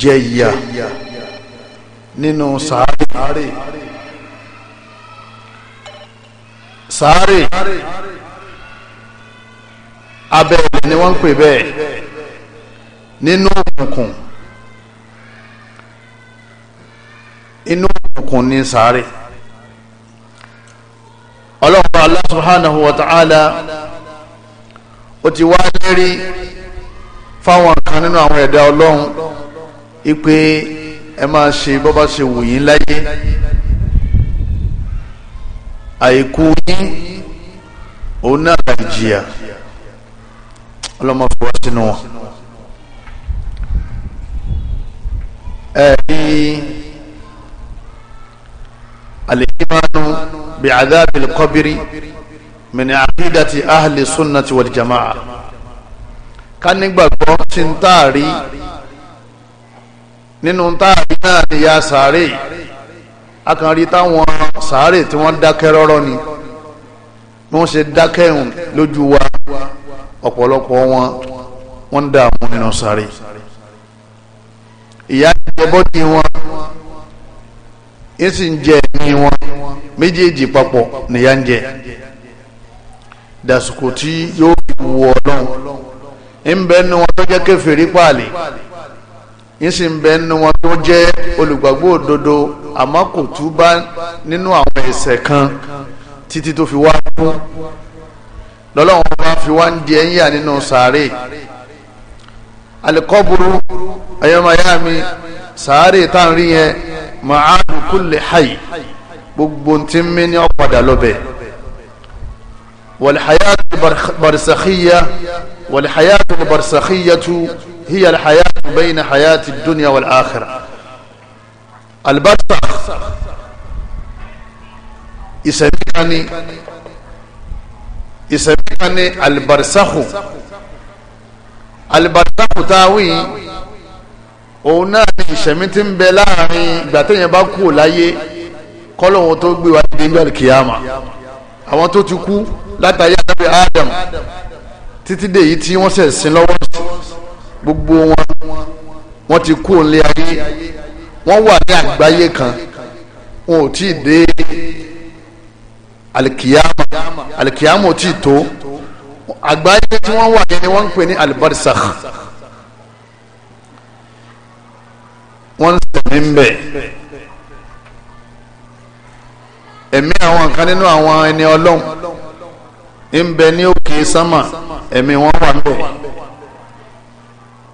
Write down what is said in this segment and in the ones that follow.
jẹ ìyà nínú sàárè sàárè abẹ́rẹ́ ni wọ́n ń pè bẹ́ẹ̀ nínú òkùnkùn inú òkùnkùn ní sàárè ọlọ́pàá Allah subhanahu wa ta'ala ó ti wá lérí fáwọn kan nínú àwọn ẹ̀dá ọlọ́run ipe ẹ máa ṣe bó bá ṣe wù yín láyé àìkú yín òun náà àìjìyà ọlọ́mọ fi wá sínú wọn. ẹ̀rí alìkímánu bí àdábìlì kọ́bírí mìnà àkídàtì ahli sunnati wal jama'a ká nígbàgbọ́ tí ń táàrí nínú táàrí náà ni ya sàárè akànrí táwọn sàárè tí wọ́n dákẹ́ rọ́rọ́ ni wọ́n ṣe dákẹ́ hùn lójú wa ọ̀pọ̀lọpọ̀ wọn wọ́n ń dààmú nínú sàárè ìyà jẹ bọ́dì wọn yín sì ń jẹ ẹ̀mí wọn méjèèjì papọ̀ nìyà ń jẹ dàsìkò tí yóò wù ọlọ́run ń bẹ́ẹ̀ ni wọn tó jẹ́ kèfèrí pààlè yín sì ń bẹ nínú wọn tó jẹ́ olùgbàgbọ́ òdodo àmọ́ kò túbá nínú àwọn ẹ̀ṣẹ̀ kan títí tó fi wá kú lọ́lọ́wọ́n bá fi wá ń di ẹ̀yìn à nínú sàárè alikọ́buru ayọ́mayami sàárè tá ń rí yẹn ma'adu kulli hayy gbogbo tí ń mí ọ̀padà lọ́bẹ̀ wal barisakhiya wal barisakhiya tu. هي الحياة بين حياة الدنيا والآخرة. akhirah alibasa ìsẹ̀míkaní ìsẹ̀míkaní alibarisakhu تاوي tá a wí òun náà ni ìsẹ̀mí ti ń bẹ láàrin ìgbà téèyàn bá kú láyé kọ́lọ́hún tó gbé wa dé nígbà kìyàmà àwọn tó ti kú látàyè àdàbẹ̀ Adam títí dé yìí tí wọ́n ṣẹ̀ sin lọ́wọ́ gbogbo wọn wọn ti kú òǹlé ayé wọn wà ní àgbáyé kan wọn ò tí ì dé alikiyama alikiyama ò tí ì tó àgbáyé tí wọn wà yẹn ni wọn ń pè ní alibarisakh wọn ń sẹmí ń bẹ ẹ̀mí àwọn kan nínú àwọn ẹni Ọlọ́run ń bẹ ní òkè sámà ẹ̀mí wọn wà ń bẹ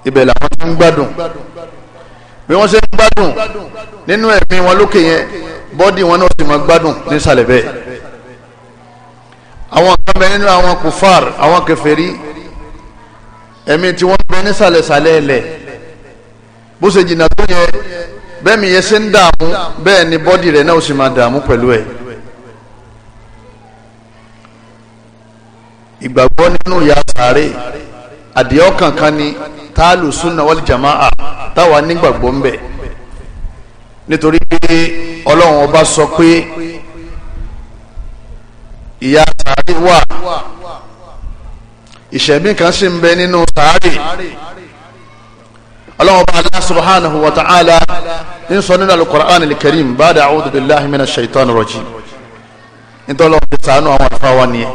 ibẹ̀ làwọn ti ń gbádùn bí wọ́n ṣe ń gbádùn nínú ẹ̀mí wọn lókè yẹn bọ́dì wọn náà sì máa gbádùn nísàlẹ̀ bẹ́ẹ̀ àwọn kan bẹ nínú àwọn kùfàr àwọn kèfèrí ẹ̀mí tí wọ́n bẹ nísàlẹ̀sàlẹ̀ ẹ̀lẹ̀ bó ṣe jìnnà tó yẹ bẹ́ẹ̀ mi yẹ ṣe ń dààmú bẹ́ẹ̀ ni bọ́dì rẹ̀ náà sì máa dààmú pẹ̀lú ẹ̀. ìgbàgbọ́ nínú ìyà sàárè àdìọ́ kankan ni táàlù sunna wal jamaa táwa nígbàgbọ́ ń bẹ̀ nítorí pé ọlọ́run ọba sọ pé ìyá sàárè wà ìṣẹ̀mí kan sì ń bẹ nínú sàárè ọlọ́run ọba Allah subhanahu wa ta'ala ń sọ nínú al-Qur'an al-Karim ba'da a'udhu billahi minash shaitani rajim nítorí ọlọ́run ti sàánú àwọn àfáwọn nìyẹn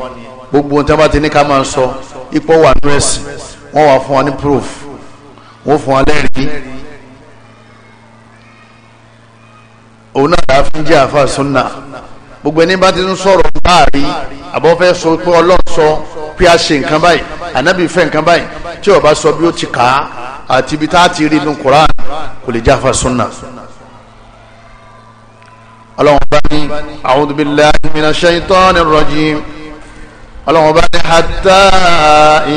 gbogbo ohun tí wọ́n bá ti ní ká máa sọ ipò wà nú ẹ̀sìn wọ́n wá fún wa ní proof wọ́n fún wa lẹ́rìí òun náà dáa fi ń jẹ́ àfa sunna gbogbo ẹni bá ti ń sọ̀rọ̀ báàrí àbọ̀fẹ́ sọ pé ọlọ́run sọ pé a ṣe nǹkan báyìí ànábì fẹ́ nǹkan báyìí tí ó bá sọ bí ó ti kà á àti ibi tá a ti rí inú Quran kò lè jẹ́ àfa sunna. ọlọ́run bá ní a'udhu billahi minash shaitanir rajim ọlọ́run bá ní hatta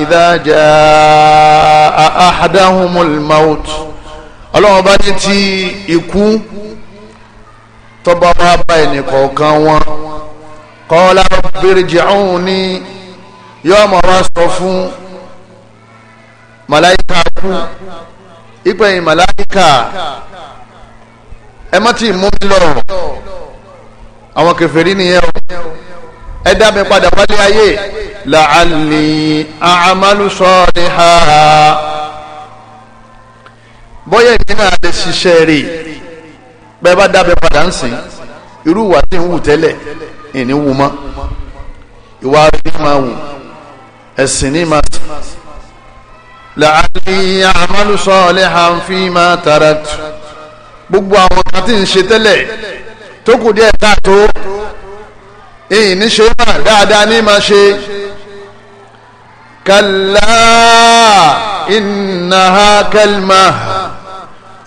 idha jaa ahadahumul maut ọlọ́run bá ní ti ikú tọ́ba wa bá ẹnì kọ̀ọ̀kan wọn qala birji'uni yóò mọ̀ wá sọ fún màláìka kú ìpẹ̀yìn màláìka ẹ má ti mú mi lọ àwọn kèfèrí nìyẹn o ẹ dá mi padà wálé ayé la'alli a'malu salihan bóyá èmi náà lè ṣiṣẹ́ rè bẹ́ẹ̀ bá dá mi padà ń sìn irú ìwà tí ń wù tẹ́lẹ̀ ìní wù mọ́ ìwà rí máa wù ẹ̀sìn ní máa sìn la'alli a'malu salihan fima taraktu gbogbo àwọn kan tí ń ṣe tẹ́lẹ̀ tó kù díẹ̀ káàtó ìyìn ní ṣe náà dáadáa ní máa ṣe kàlá ìnáha kẹlmà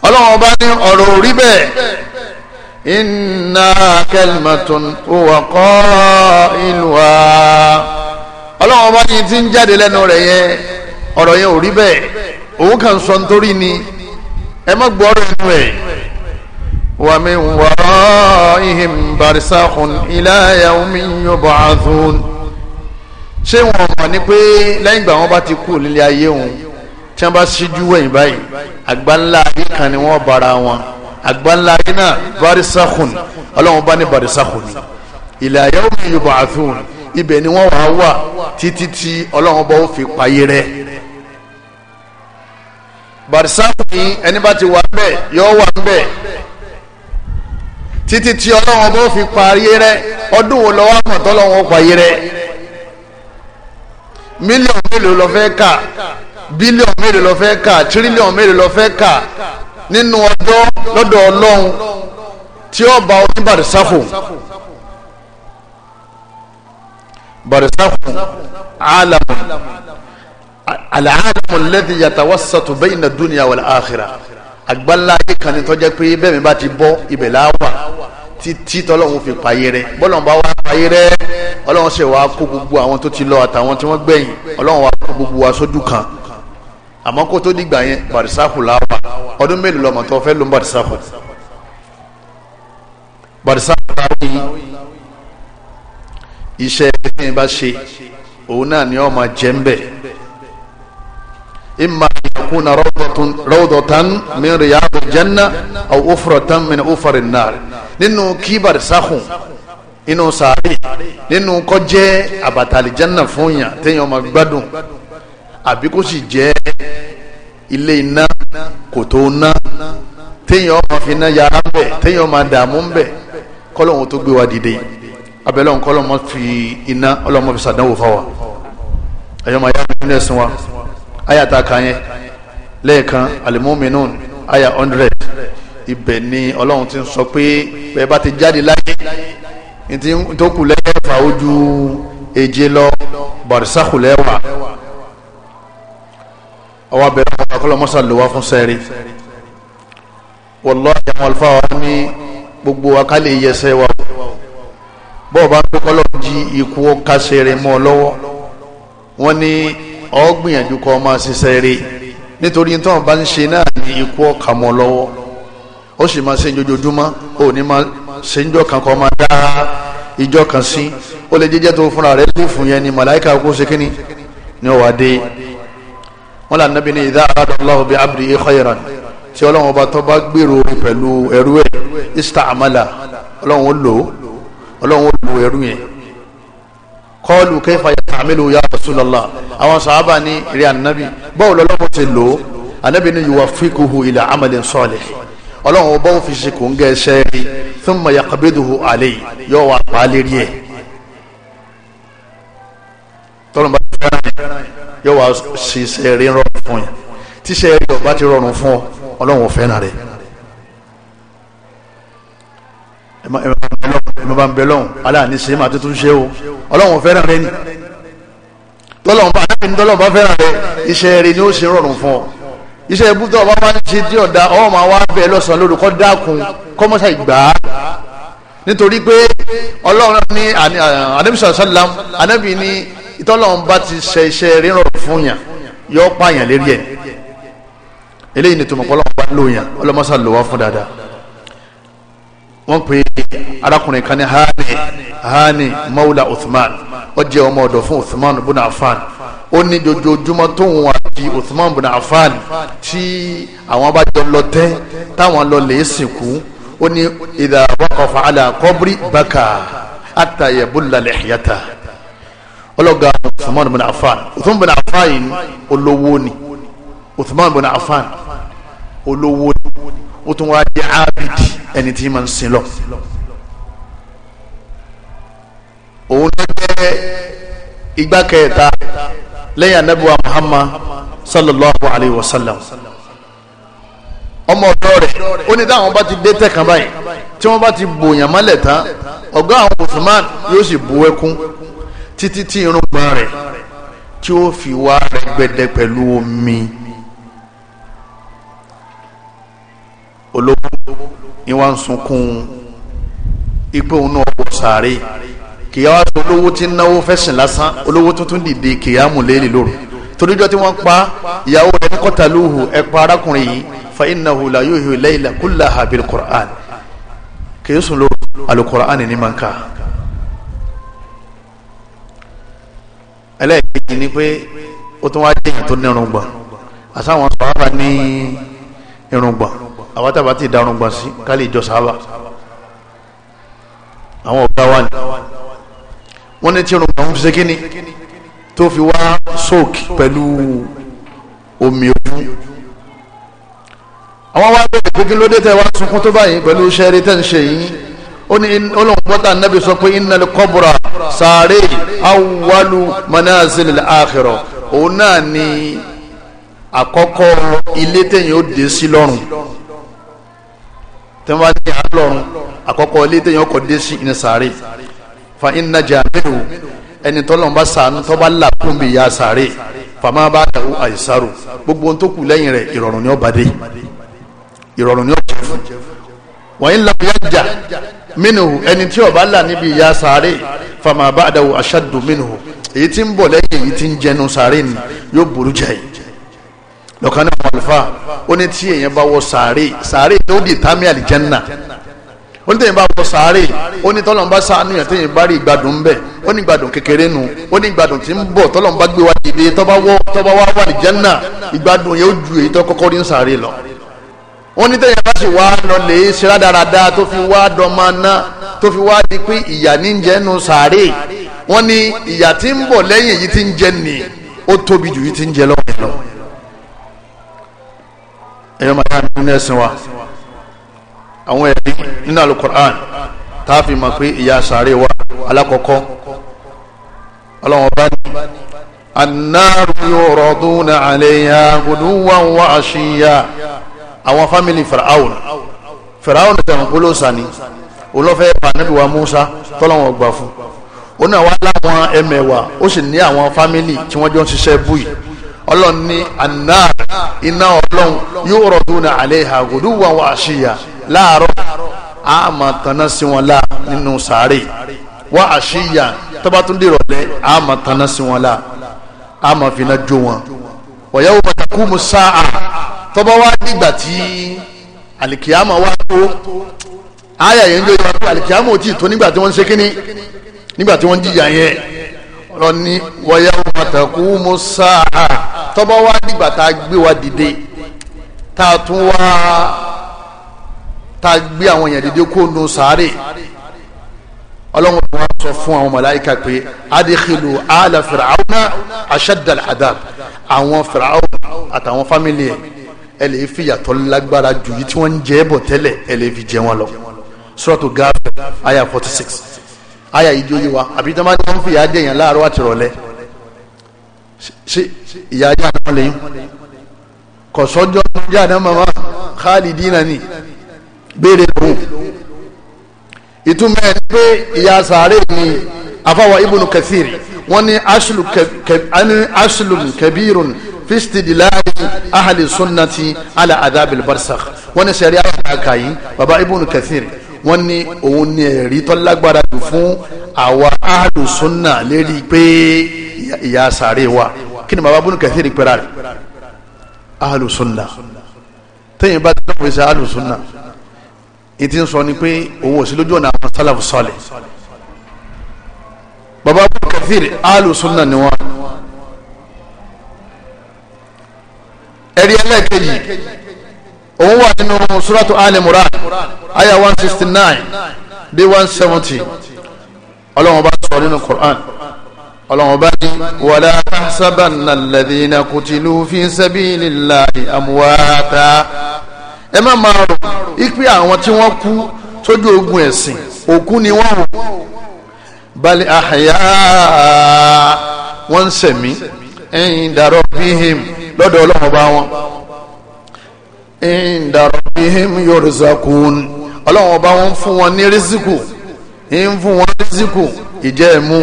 ọlọ́run ọba ní ọ̀rọ̀ orí bẹ́ẹ̀ ìnà kẹlmà tún wà kọ́ ìlú wa ọlọ́run ọba yìí ti ń jáde lẹ́nu rẹ̀ yẹn ọ̀rọ̀ yẹn ò bẹ́ẹ̀ òun kàn sọ nítorí ni ẹ má gbọ́ ọ̀rọ̀ ẹnu ẹ̀. ومن ورائهم برزخ إلى يوم يبعثون ṣé wọn mọ̀ ní pé lẹ́yìn ìgbà wọn bá ti kú nílé ayé òun tí wọn bá ṣíjú wẹ̀yìn báyìí àgbáńlá ayé kan ni wọn bára wọn àgbáńlá ayé náà barisakun ọlọ́run bá ní barisakun ni ila yawmi yub'athun ibẹ̀ ni wọ́n wàá wà títí tí ọlọ́run bá ó fi payé rẹ̀ barisakun ni ẹni bá ti wà ń bẹ̀ yọ wà ń bẹ̀ títí tí ọlọ́run bó fi parí rẹ ọdún wo lọ́wọ́ àmọ̀ tọ́lọ́run parí rẹ mílíọ̀nù mélòó lọ fẹ́ kà bílíọ̀nù mélòó lọ fẹ́ kà tírílíọ̀nù mélòó lọ fẹ́ kà nínú ọjọ́ lọ́dọ̀ ọlọ́run tí ó bá oníbàdìsáfò barisakun alamu alamu lẹ́dí yàtàwọ́sàtò bẹ́yìn na dúnìyà wal akhirah àgbáńlá ayé kan ní tọ́jẹ́ pé bẹ́ẹ̀ mi bá ti bọ́ ibẹ̀ láwà títí tọ́lọ́hún fi payé rẹ bọ́lọ́hún bá wá payé rẹ ọlọ́hún ṣe wàá kó gbogbo àwọn tó ti lọ àtàwọn tí wọ́n gbẹ̀yìn ọlọ́hún wàá kó gbogbo wa sójú kan àmọ́ kó tó dìgbà yẹn barisahu láwà ọdún mélòó lọ́mọ tó fẹ́ ló ń barisahu barisahu láwà yìí iṣẹ́ tí n bá ṣe òun náà ni ọ máa jẹ́ ń bẹ̀ imma yakuna rawdatan min riyadil janna aw ufratan min ufarin nar nínú kíbar sáhùn inú sàárè nínú kó jẹ́ àbàtàlì janna fún yàn téèyàn máa gbádùn àbí kó sì jẹ́ ilé iná kòtò ná téèyàn máa fi ná yàrá bẹ̀ téèyàn máa dààmú bẹ̀ kọ́lọ́hún tó gbé wa dìde abẹ́lẹ́ òun kọ́lọ́hún máa fi iná ọlọ́mọ fi sàdánwò fáwa ẹ̀yọ́ máa yára nínú ẹ̀sìn wa aya ta kan yẹn lẹ́ẹ̀kan alimuminun aya hundred ibẹ̀ ni ọlọ́run ti ń sọ pé bẹ́ẹ̀ bá ti jáde láyé ntí tó kù lẹ́ẹ̀fà ojú èje lọ barisakhu lẹ́wà ọwọ́ bẹ̀rẹ̀ ọmọ akọ́lọ́ mọ́sá lò fún sẹ́ẹ̀rì wọ́lọ́ àwọn alfa wa ní gbogbo akálẹ̀ yẹsẹ̀ wa bọ́ọ̀ bá ń pẹ́ kọ́lọ́ jí ikú kásẹ̀ mọ́ ọ lọ́wọ́ wọ́n ní ọ gbìyànjú kọ́ ọ máa ṣiṣẹ́ rí nítorí nítorí bá ń ṣe náà ní ikú ọ̀kà mọ́ lọ́wọ́ ó sì máa ṣe jojoojúmọ́ ó ní máa ṣe ń jọ kan kọ́ máa dá ìjọ kan sí ó lè jẹ́jẹ́ tó fúnra rẹ̀ lè fún yẹn ni màláìka kó ṣe kíni ni ó wà dé wọn lànà bí ní idha arada Allahu bi abdihi tí ọlọ́run ọba tó bá gbèrò pẹ̀lú ẹrú ẹ̀ ista'mala ọlọ́run ó lò ó lò ẹrú yẹn kọlu kẹfà yàtàmílù ya Rasulullah àwọn sàábà ní rí ànábì báwo lọ́lọ́wọ́ ti lò ó ànábì ní yuwaffiquhu ila amalin salih ọlọ́run ọba òfin ṣe kò ń gẹ ẹsẹ̀ rí thumma yaqbiduhu alayhi yóò wà pàálí rí ẹ̀ bá fẹ́ràn ẹ̀ yóò wà ṣe iṣẹ́ rọrùn fún ẹ̀ tíṣẹ́ rí ọba ti rọrùn fún ọ ọlọ́run ò fẹ́ràn rẹ̀ ìmọ̀ bá ń bẹ lọ́hùn aláàní ṣe máa tuntun ṣe o ọlọ́run fẹ́ràn rẹ ni tọ́lọ́run bá anábì ní tọ́lọ́run bá fẹ́ràn rẹ iṣẹ́ rẹ ni ó ṣe rọrùn fún ọ iṣẹ́ ibú tó ọba bá ń ṣe tí ọ̀dà ọ̀hún máa wá bẹ̀ lọ́sàn-án lórúkọ dákun kọ́mọ́sà ìgbà nítorí pé ọlọ́run ní anábì sàlám anábì ní tọ́lọ́run bá ti ṣe iṣẹ́ rẹ rọrùn fún yàn yọ pààyàn lérí ẹ̀ eléyìí ni tòmọ̀pọ̀ ọlọ́run bá lóyàn ọlọ́mọ́sà lò wá fún dáadáa wọ́n pe arákùnrin kan ní hani hani maula uthman ó jẹ́ ọmọ ọ̀dọ̀ fún uthman bùnà afan ó ní dojoojúmọ́ tóun àti uthman bùnà afan tí àwọn bá jọ lọ tẹ́ táwọn lọ lè sìnkú ó ní ìdá waqafa ala qabri baka hatta yabulla lihyata ọlọ́gá uthman bùnà afan uthman bùnà afan yìí olówó ni uthman bùnà afan olówó ni ó tún wá di ábìdì ẹni tí ma ń sin lọ òun ló jẹ́ igbá kẹta lẹ́yìn anabiwa muhammad sallallahu alayhi wa sallam ọmọ ọ̀dọ̀ rẹ̀ ó ní táwọn bá ti dé tẹ̀kan báyìí tí wọ́n bá ti bòyàn mọ́lẹ̀ tán ọ̀gá àwọn usman yóò sì bu ẹkún títí tí irùngbọ̀n rẹ̀ tí ó fi wá rẹ̀ gbẹ̀dẹ̀ pẹ̀lú omi. olówó ni wọ́n ń sunkún ipò òun náà wọ sàárè kìyàwó aṣọ olówó tí ń náwó fẹsẹ̀ lásán olówó tuntun dìde kìyàmù lélẹ̀ lóru torídọ́ tí wọ́n pa ìyàwó rẹ̀ ní kọ́tàlúhù ẹ̀pà arákùnrin yìí fa innahu la yuhyi layla kullaha bil qur'an kìí sùn lóru alukur'an ní máa ń ni pé ó tún wá jẹ́yìn tó ní irùngbọ̀n àtàwọn sọ̀rọ̀ ní irùngbọ̀n àwọn tàbá ti darun gbà sí ká lè jọ sábà àwọn ọ̀gá wa ni wọ́n ní tí irun kan ṣe kíni tó fi wá sóòkì pẹ̀lú omi ojú àwọn wá bẹ̀rẹ̀ pé kí ló dé tẹ́ wá sunkún tó báyìí pẹ̀lú sẹ́rí tẹ́ ń ṣe yìí ó ní olóhùn bọ́tà nẹ́bí sọ pé innal qabra sàárè awwalu manazil al òun náà ni àkọ́kọ́ ilé tẹ̀yìn ó dé sí lọ́rùn tí wọ́n bá ní alọ́run àkọ́kọ́ ilé tẹ̀yìn ọkọ̀ dé sí ní sàárè fa iná jà mẹ́rù ẹni tọ́lọ́n bá sànú tọ́ bá là kún bí ya sàárè fama bá dàrú àìsàrò gbogbo ohun tó kù lẹ́yìn rẹ̀ ìrọ̀rùn ni ó bá dé ìrọ̀rùn ni ó jẹ fún wọ́n yín làwọn yá mínú ẹni tí ó là níbi ya sàárè fama bá dàrú àṣàdùn mínú èyí tí ń bọ̀ lẹ́yìn èyí tí ń jẹnu sàárè ni yóò burú jẹ́ yìí lọ́kàn ní àwọn àlùfáà ó ní tí èèyàn bá wọ sàárè sàárè ló di tàmí àlìjẹ́nà ó ní tẹ̀yìn bá wọ sàárè ó ní tọ́lọ́n bá sàánú yẹn tẹ̀yìn bá rí ìgbádùn ń bẹ ó ní ìgbádùn kékeré nu ó ní ìgbádùn tí ń bọ̀ tọ́lọ́n bá gbé wa dìde tọ́ba wọ́ tọ́ba wá wà àlìjẹ́nà ìgbádùn yẹn ó ju èyí tó kọ́kọ́ rí ń sàárè lọ wọ́n ní tẹ̀yìn bá sì wá lọ ẹ̀yọ́ máa yá nínú ẹ̀sìn wa àwọn ẹ̀rí nínú alukur'an tá a fi mọ̀ pé ìyà sàárè wa alákọ̀ọ́kọ́ ọlọ́wọ́n bá ní annaru yuraduna alayha guduwan wa ashiya àwọn fámìlì fìràwùn fìràwùn tẹ̀wọ̀n kó sani olọ́fẹ́ pànẹ́bí musa tọ́lọ́wọ́n gbà fún un náà wá láwọn ẹmẹ̀wà ó sì ní àwọn fámìlì tí wọ́n jọ ń ṣiṣẹ́ búyì ọlọ́run ní annar iná ọlọ́run yóò rọ̀dún ní àléhà gòdúwà wà àṣìyà láàárọ̀ a máa tanná sí wọn lá nínú sàárè wà àṣìyà tọ́bátúndì rọ̀lẹ́ a máa tanná sí wọn lá a máa fi iná jó wọn wa yawma taqumu sa'a tọ́bá wá dìgbà tí alikiyama wá tó ayà yẹn ń jó yọ pé ò tí ì tó nígbà tí wọ́n ń ṣe kínní nígbà tí wọ́n ń jìyà yẹn ọlọ́ni wa yawma taqumu sa'a tọ́bọ̀ wá dìgbà tá a gbé wa dìde tá a tún wá tá a gbé àwọn èèyàn dìde kó nu sáré ọlọ́run tó wá sọ fún àwọn màláíkà pé adìkìlù àlà fìràwọ́nà aṣẹ́dàlẹ̀ àdàb àwọn fìràwọ́n àtàwọn fámìlì ẹ̀ ẹ̀ lè fi yàtọ̀ lágbára jù yìí tí wọ́n ń jẹ́ bọ̀ tẹ́lẹ̀ ẹ̀ lè fi jẹ wọn lọ suratu Ghafir aya forty six aya ìjọ yìí wa àbí tí wọ́n fi yà á dẹ̀yàn láàárọ̀ àti ṣe ìyá ajá àdámọ́ lẹ́yìn kọ̀sọ́jọ́ ajá àdámọ́ wa khalidina ni béèrè lòun ìtumọ̀ ẹ̀ ni pé ìyá sàárè ni afáwa ibùnú kẹfìrì wọ́n ní aṣlùm kẹbìrún fistidilari ahali sunnati ala adabil barsakh wọ́n ní sẹ́rí àwọn àkàyí baba ibùnú kẹfìrì wọ́n ní òun ní ẹ̀rí tó lágbára jù fún àwa alùsùnà lérí pé ìyá sàárè wa kí ni bàbá bónú kẹsì rí pẹ́ra rẹ̀ alùsùnà tẹ́yìn bá tẹ́lẹ̀ fèsì alùsùnà ní ti ń sọ ni pé òun ò sí lójú ọ̀nà àwọn sálàfù sọlẹ̀ bàbá bónú kẹsì rí alùsùnà ni wọ́n. ẹ̀rí ẹlẹ́ẹ̀kejì òun wà nínú suratu Ali Imran aya 169، sixty 170. dé one seventy ọlọ́run ọba sọ nínú Qur'an ọlọ́run ọba ní wàlá sábàánà lẹ́dínà kùtìlú fi sabilillahi amwata ẹ má máa rò ipe àwọn tí wọ́n kú sójú ogun ẹ̀sìn òkú ni wọ́n wò bali ahya wọ́n ń sẹ̀mí ẹ̀yìn dàrọ́ bíhìm lọ́dọ̀ ọlọ́run ọba wọn ẹ̀yìn dàrọ́ bíhìm yorzakun ọlọ́run ọba wọn fún wọn ní rísíkù ń fún wọn rísíkù ìjẹ́ ẹ̀mú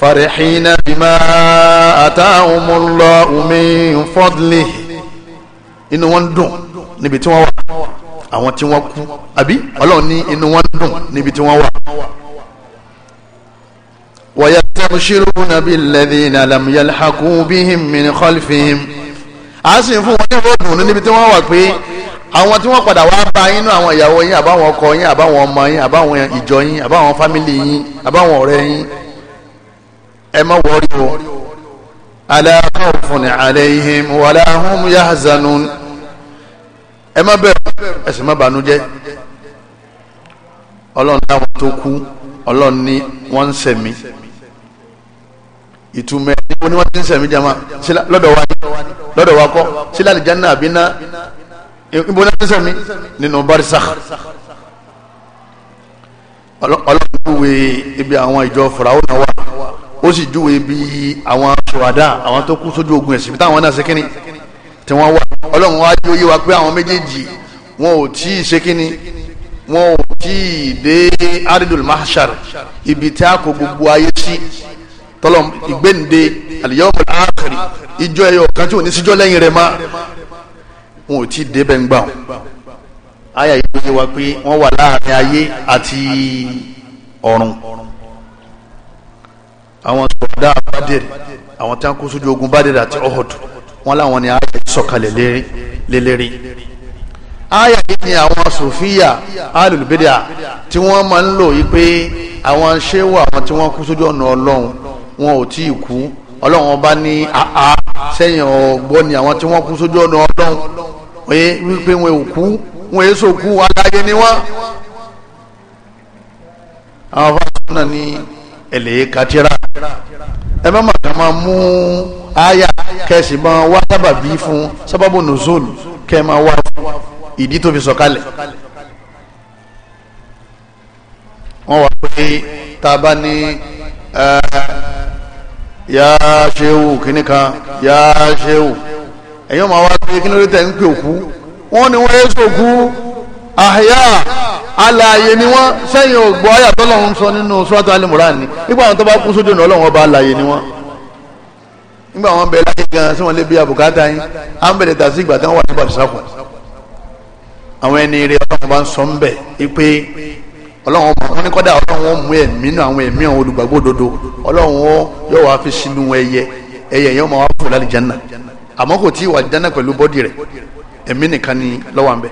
farihina bima atahumullahu min fadlihi inú wọn dùn níbi tí wọ́n wà àwọn tí wọ́n kú àbí ọlọ́run ní inú wọn dùn níbi tí wọ́n wà. wa yastabshiruna billadhina lam yalhaqu bihim min khalfihim a sì fún wọn ní ìwé ọdún níbi tí wọ́n wà pé àwọn tí wọ́n padà wá bá yín náà àwọn ìyàwó yín àbáwọn ọkọ yín àbáwọn ọmọ yín àbáwọn ìjọ yín àbáwọn fámìlì yín àbáwọn ọ̀rẹ́ yín ẹ má wọrí o ala khawfun alayhim wala hum yahzanun ẹ má bẹ̀rù ẹ sì má bànújẹ́ ọlọ́run dáhùn tó kú ọlọ́run ní wọ́n ń sẹ̀mí ìtumẹ̀ ní wọ́n ti ń sẹ̀mí jama lọ́dọ̀ wa kọ́ sílẹ̀ àlìjáná àbíná ibola náà sẹ́mi nínú barisakh ọlọ́run ibi àwọn ìjọ faraó náà wà ó sì júwe ibi àwọn ṣùwádà àwọn tó kú sójú ogun ẹ̀sìn táwọn náà ṣe kínní tí wọ́n wà ọlọ́run wá yóò wa pé àwọn méjèèjì wọn ò tí ì ṣe kínní wọn ò aridul mahshar ibi tí a kó gbogbo ayé sí tọ́lọ̀ ìgbéǹde al-yawm al-akhir kan tí ò ní síjọ́ lẹ́yìn rẹ̀ máa wọn ò tí ì débẹ̀ ń gbà wọn àyà yìí lóye wa pé wọ́n wà láàrin ayé àti ọ̀run àwọn sọ̀dá bádẹ́rì àwọn tí wọ́n kó sójú ogun bádẹ́rì àti ọ̀họ̀dù wọ́n láwọn ni àyà yìí sọ̀kalẹ̀ lélẹ́rí àyà yìí ni àwọn sòfíà alùlùbẹ́dà tí wọ́n máa ń lò yìí pé àwọn ṣéwà àwọn tí wọ́n kó sójú ọ̀nà ọlọ́run wọn ò tí ì kú ọlọ́run ọba ní àá sẹ́yìn ọ̀gbọ́n ni àwọn tí wọ́n kú sójú ọ̀nà ọlọ́run pé wípé wọn ò kú wọn èso kú aláyé ni wọn. àwọn afáàlú náà ní ẹlẹ́ katira ẹ má má kàn máa mú àyà kẹsì máa wá sábàbí fún sábàbù nùzọ́ọ̀lù kẹ máa wá fún ìdí tó fi sọ̀kalẹ̀. wọ́n wá pé tá a bá ní yá ṣéwù kìnnìkan yá ṣéwù ẹ̀yin ọmọ wa pé kí ló dé tẹ̀ ń pè òkú wọ́n ní wọ́n yé sòkú àyà alààyè ni wọ́n sẹ́yìn ògbó àyà tọ́lọ́run ń sọ nínú sọ́tà alimuran ni nígbà àwọn tó bá kú sójú ọ̀nà ọlọ́run ọba alààyè ni wọ́n nígbà wọn bẹ láyé gan sí wọn lé bí abùkátà yín à ń bẹ̀rẹ̀ tàbí ìgbà tí wọ́n wà ní bàbísàkù àwọn ẹni rẹ ọlọ́run bá ń sọ ń bẹ̀ pé ọlọ́run wọn ní kọ́dà ọlọ́run mú ẹ̀mí nínú àwọn ẹ̀mí àwọn olùgbàgbọ́ òdodo ọlọ́run yóò wá fi sínú ẹyẹ ẹyẹ yẹn wọn wá fún lálẹ́ jẹ́nà àmọ́ kò tí ì wà jẹ́nà pẹ̀lú bọ́dì rẹ̀ ẹ̀mí nìkan ni lọ́wọ́ àmbẹ́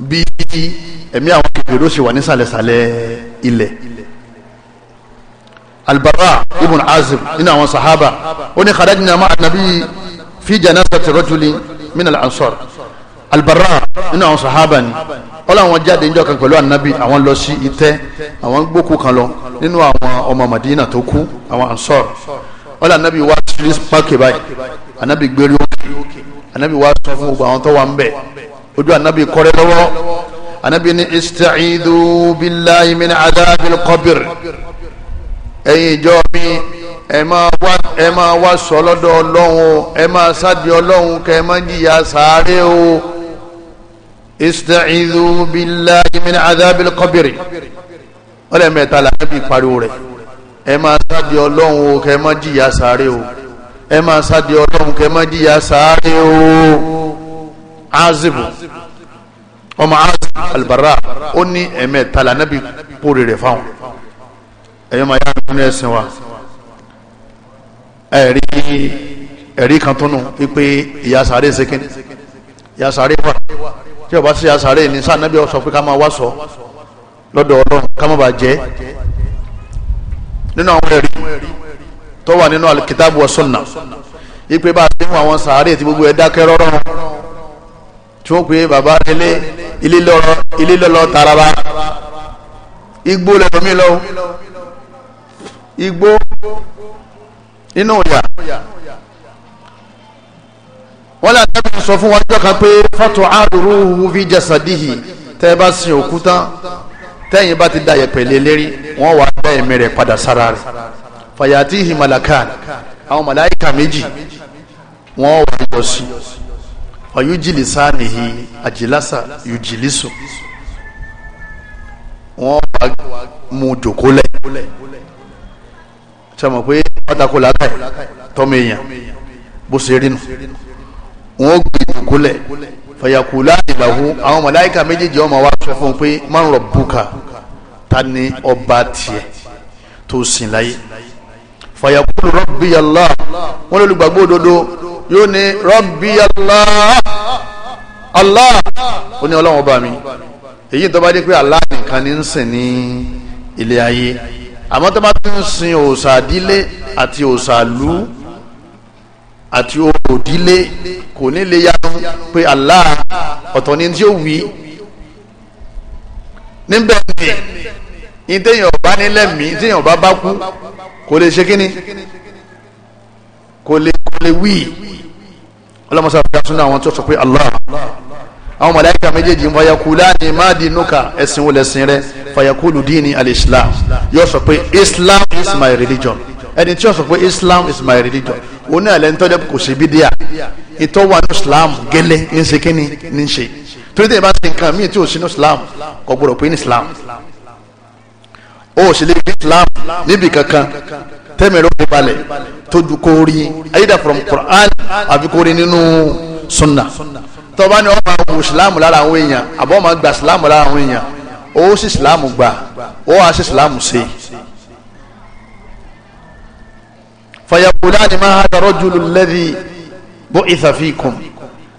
bí ẹ̀mí àwọn ìgbèrò ṣe wà nísàlẹ̀sàlẹ̀ ilẹ̀ albara ibn azib nínú àwọn sahaba ó ní kharajna ma'a nabi fi janazati rajuli min al-ansar albara nínú àwọn sahaba ni ọlọ́ àwọn jáde níjọ́ kan pẹ̀lú anabi àwọn lọ sí itẹ́ àwọn gbókù kan lọ nínú àwọn ọmọ madina tó kú àwọn ansar ọlọ́ anabi wá sí pákì báyìí anabi gbérí òkè anabi wá sọ fún gbogbo àwọn tó wà ń bẹ ojú anabi kọrẹ lọ́wọ́ anabi ní istaidu billahi min adabil qabr ẹ̀yin ìjọ mi ẹ máa wá ẹ máa wá sọ lọ́dọ̀ ọlọ́run ẹ máa sádi ọlọ́run kẹ ẹ máa jìyà sáré o istaidu billahi min adabil qabr wọ́n lẹ́mẹ̀ẹ́ta làwọn ẹbí pariwo rẹ̀ ẹ máa sádi ọlọ́run kẹ ẹ máa jìyà sáré o ẹ máa sáde ọlọ́run kẹ má jìyà sáré o azibu ọmọ azibu alibara ó ní ẹ̀mẹ́ta la nábì kórè rẹ̀ fáwọn ẹ̀yọ́ máa yá nínú ẹ̀sìn wa ẹ̀rí ẹ̀rí kan tó nù wípé ìyà sáré sekin ìyà sáré wà tí o bá sí ìyà sáré ní sáà nábì sọ pé ká máa wá sọ lọ́dọ̀ ọlọ́run ká má bàa jẹ́ nínú àwọn ẹ̀rí tó wà nínú alikitaabu wa sunna ipe bá a ti mú àwọn sàárè tí gbogbo ẹ dákẹ́ rọ́rọ́ tí wọ́n pe baba ilé ilé lọ́rọ́ ilé lọ́lọ́ taraba igbó lẹ́lọ́mí lọ́wọ́ igbó inú ìyá wọ́n lè àtẹ́bí sọ fún wa jọ́ kan pé fọ́tò àrùrù fi jasadihi tẹ́ bá sin òkú tán tẹ́yìn bá ti da yẹ̀pẹ̀ lé lérí wọ́n wà bẹ́ẹ̀ mi padà sára rẹ̀ fàyàtìhì malakan àwọn màláìka méjì wọ́n wà yọ sí ọ̀yújìlísà nìyí àjìlásà yújìlísù wọ́n wà mú jòkólẹ̀ sọmọ pé pátákó làákàyè tọ́mọ èèyàn bó ṣe rí nu wọ́n gbé jòkólẹ̀ fàyàkùlá ìlàhù àwọn màláìka méjèèjì ọmọ wa sọ fún un pé man rabbuka ta ni ọba tiẹ̀ tó sìn láyé fàyàkúlù rọ́bìyàlá wọ́n lólùgbàgbọ́ òdodo yóò ní rọ́bìyàlá Allah ó ní ọlọ́run ọba mi èyí tó bá dé pé Allah nìkan ní ń sìn ní ilé ayé àmọ́ tó bá tún ń sin òòṣà àdílé àti òòṣà àlú àti òòdílé kò ní lè yanu pé Allah ọ̀tọ̀ ni tí ó wí níbẹ̀ ni ìdéyàn ọba nílẹ̀ mí ìdéyàn ọba bá kú kò lè ṣe kíni kò lè kò lè wí ọlọ́mọsá ọ̀gá súnà àwọn tó sọ pé allah àwọn màláíkà méjèèjì ń fayakula ni má di nuka ẹ̀sìn wo lẹ́sìn rẹ fayakulu dini al-islam yóò sọ pé islam is my religion ẹni tí yóò sọ pé islam is my religion òun náà lẹ́ni tọ́jú kò sí bídíà ìtọ́wà ní islam gẹ́lẹ́ ń ṣe kíni ní ṣe torí tẹ̀yìn bá ti nǹkan míì tí ò sí ní islam kò gbọdọ̀ pé ní islam. islam ó sì lè rí islam níbi kankan tẹ́mẹ̀rẹ́ òde balẹ̀ tójú kó rí ayédà from Quran àfi kó rí nínú sunna tọ́ba ni wọ́n máa wù islam lára àwọn èèyàn àbọ̀ máa gba islam lára àwọn èèyàn ó sì islam gbà ó wà sí islam ṣe. fayakulani ma hada rajulu alladhi bu'itha fikum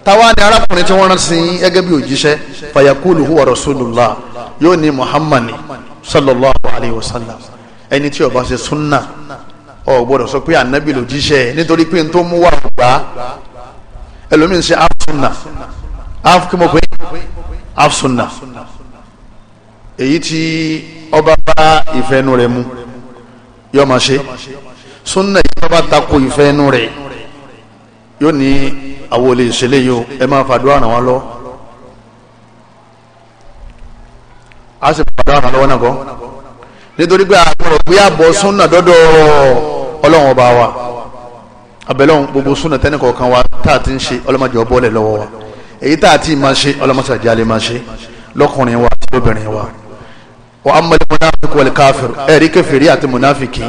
táwa ni arákùnrin tí wọ́n rán sí gẹ́gẹ́ bí òjíṣẹ́ fayakulu huwa rasulullah yóò ní muhammad ni sallallahu alayhi wa sallam ẹni tí ó ṣe sunna ọ gbọ́dọ̀ sọ pé anabi ló jíṣẹ́ nítorí pé n tó mú wà gbà ẹlòmíín ṣe afsunna afkimo pé afsunna èyí tí ọba bá ìfẹ́nu rẹ̀ mu yọ ma ṣe sunna yìí ọba tako ìfẹ́nu rẹ̀ yóò ní àwọn olè ìṣẹ̀lẹ̀ yìí ẹ máa fàdúrà ràn wá lọ́wọ́. a sì padà ọ̀nà lọ́wọ́ náà kọ́ nítorí pé àgbọ̀rọ̀ pé àbọ̀ súnà dọ́dọ̀ ọlọ́run ọba wa abẹ́lọ́run gbogbo súnà tẹ́nìkọ̀ọ̀kan wa tá a ti ń ṣe ọlọ́mọdé ọbọ̀lẹ̀ lọ́wọ́ wa èyí tá a ti máa ṣe ọlọ́mọdé àjálẹ̀ máa ṣe lọ́kùnrin wa àti lóbìnrin wa wa amali munafiki wali kafir ẹ̀rí kẹfìrí àti munafiki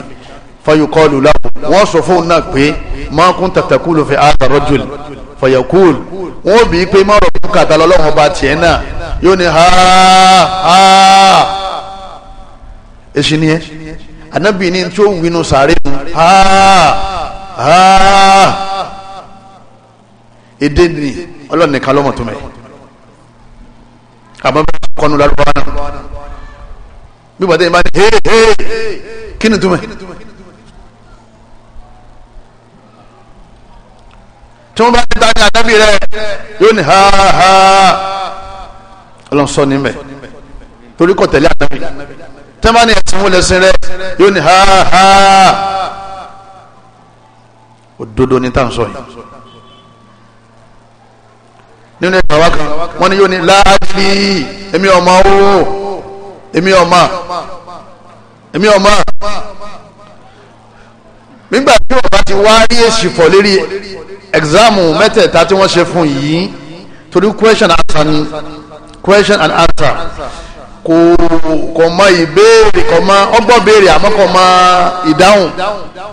fayukọlu lahu wọ́n sọ fún un náà pé ma kunta taqulu fi hadha rajul fayakul wọ́n bí pé má rọ̀ fún kàtà lọ́lọ́run ọba tiẹ̀ náà yóò ní ha ha èsì ni ẹ anabi ni tí ó ń winu sàárè mu ha ha èdè ni ọlọ́ọ̀ni kálọ́mọ̀ tó mẹ́ àbámẹ́ kọ́nu lárúbáwá náà bí bàtẹ́ yìí bá ní hey hey kí ni tó mẹ́ tí wọ́n bá ní ta ni anabi rẹ yóò ní ha ha ọlọ́run sọ nímẹ̀ torí kò tẹ̀lé ànábì tẹ́lá ẹ̀sìn wọn lẹ́sìn rẹ yóò ní ha ha òdodo ní tá à ń sọ yìí nínú ẹ̀ka wa kan wọ́n ní yóò ní láàbí èmi ọmọ o èmi ọmọ èmi ọmọ nígbà tí ọba ti wá rí èsì fọ lérí ẹ̀gzámù mẹ́tẹ̀ẹ̀ta tí wọ́n ṣe fún yìí torí question answer ni question and answer kò kò mọ ìbéèrè kò mọ ọgbọ́n béèrè àmọ́ kò mọ ìdáhùn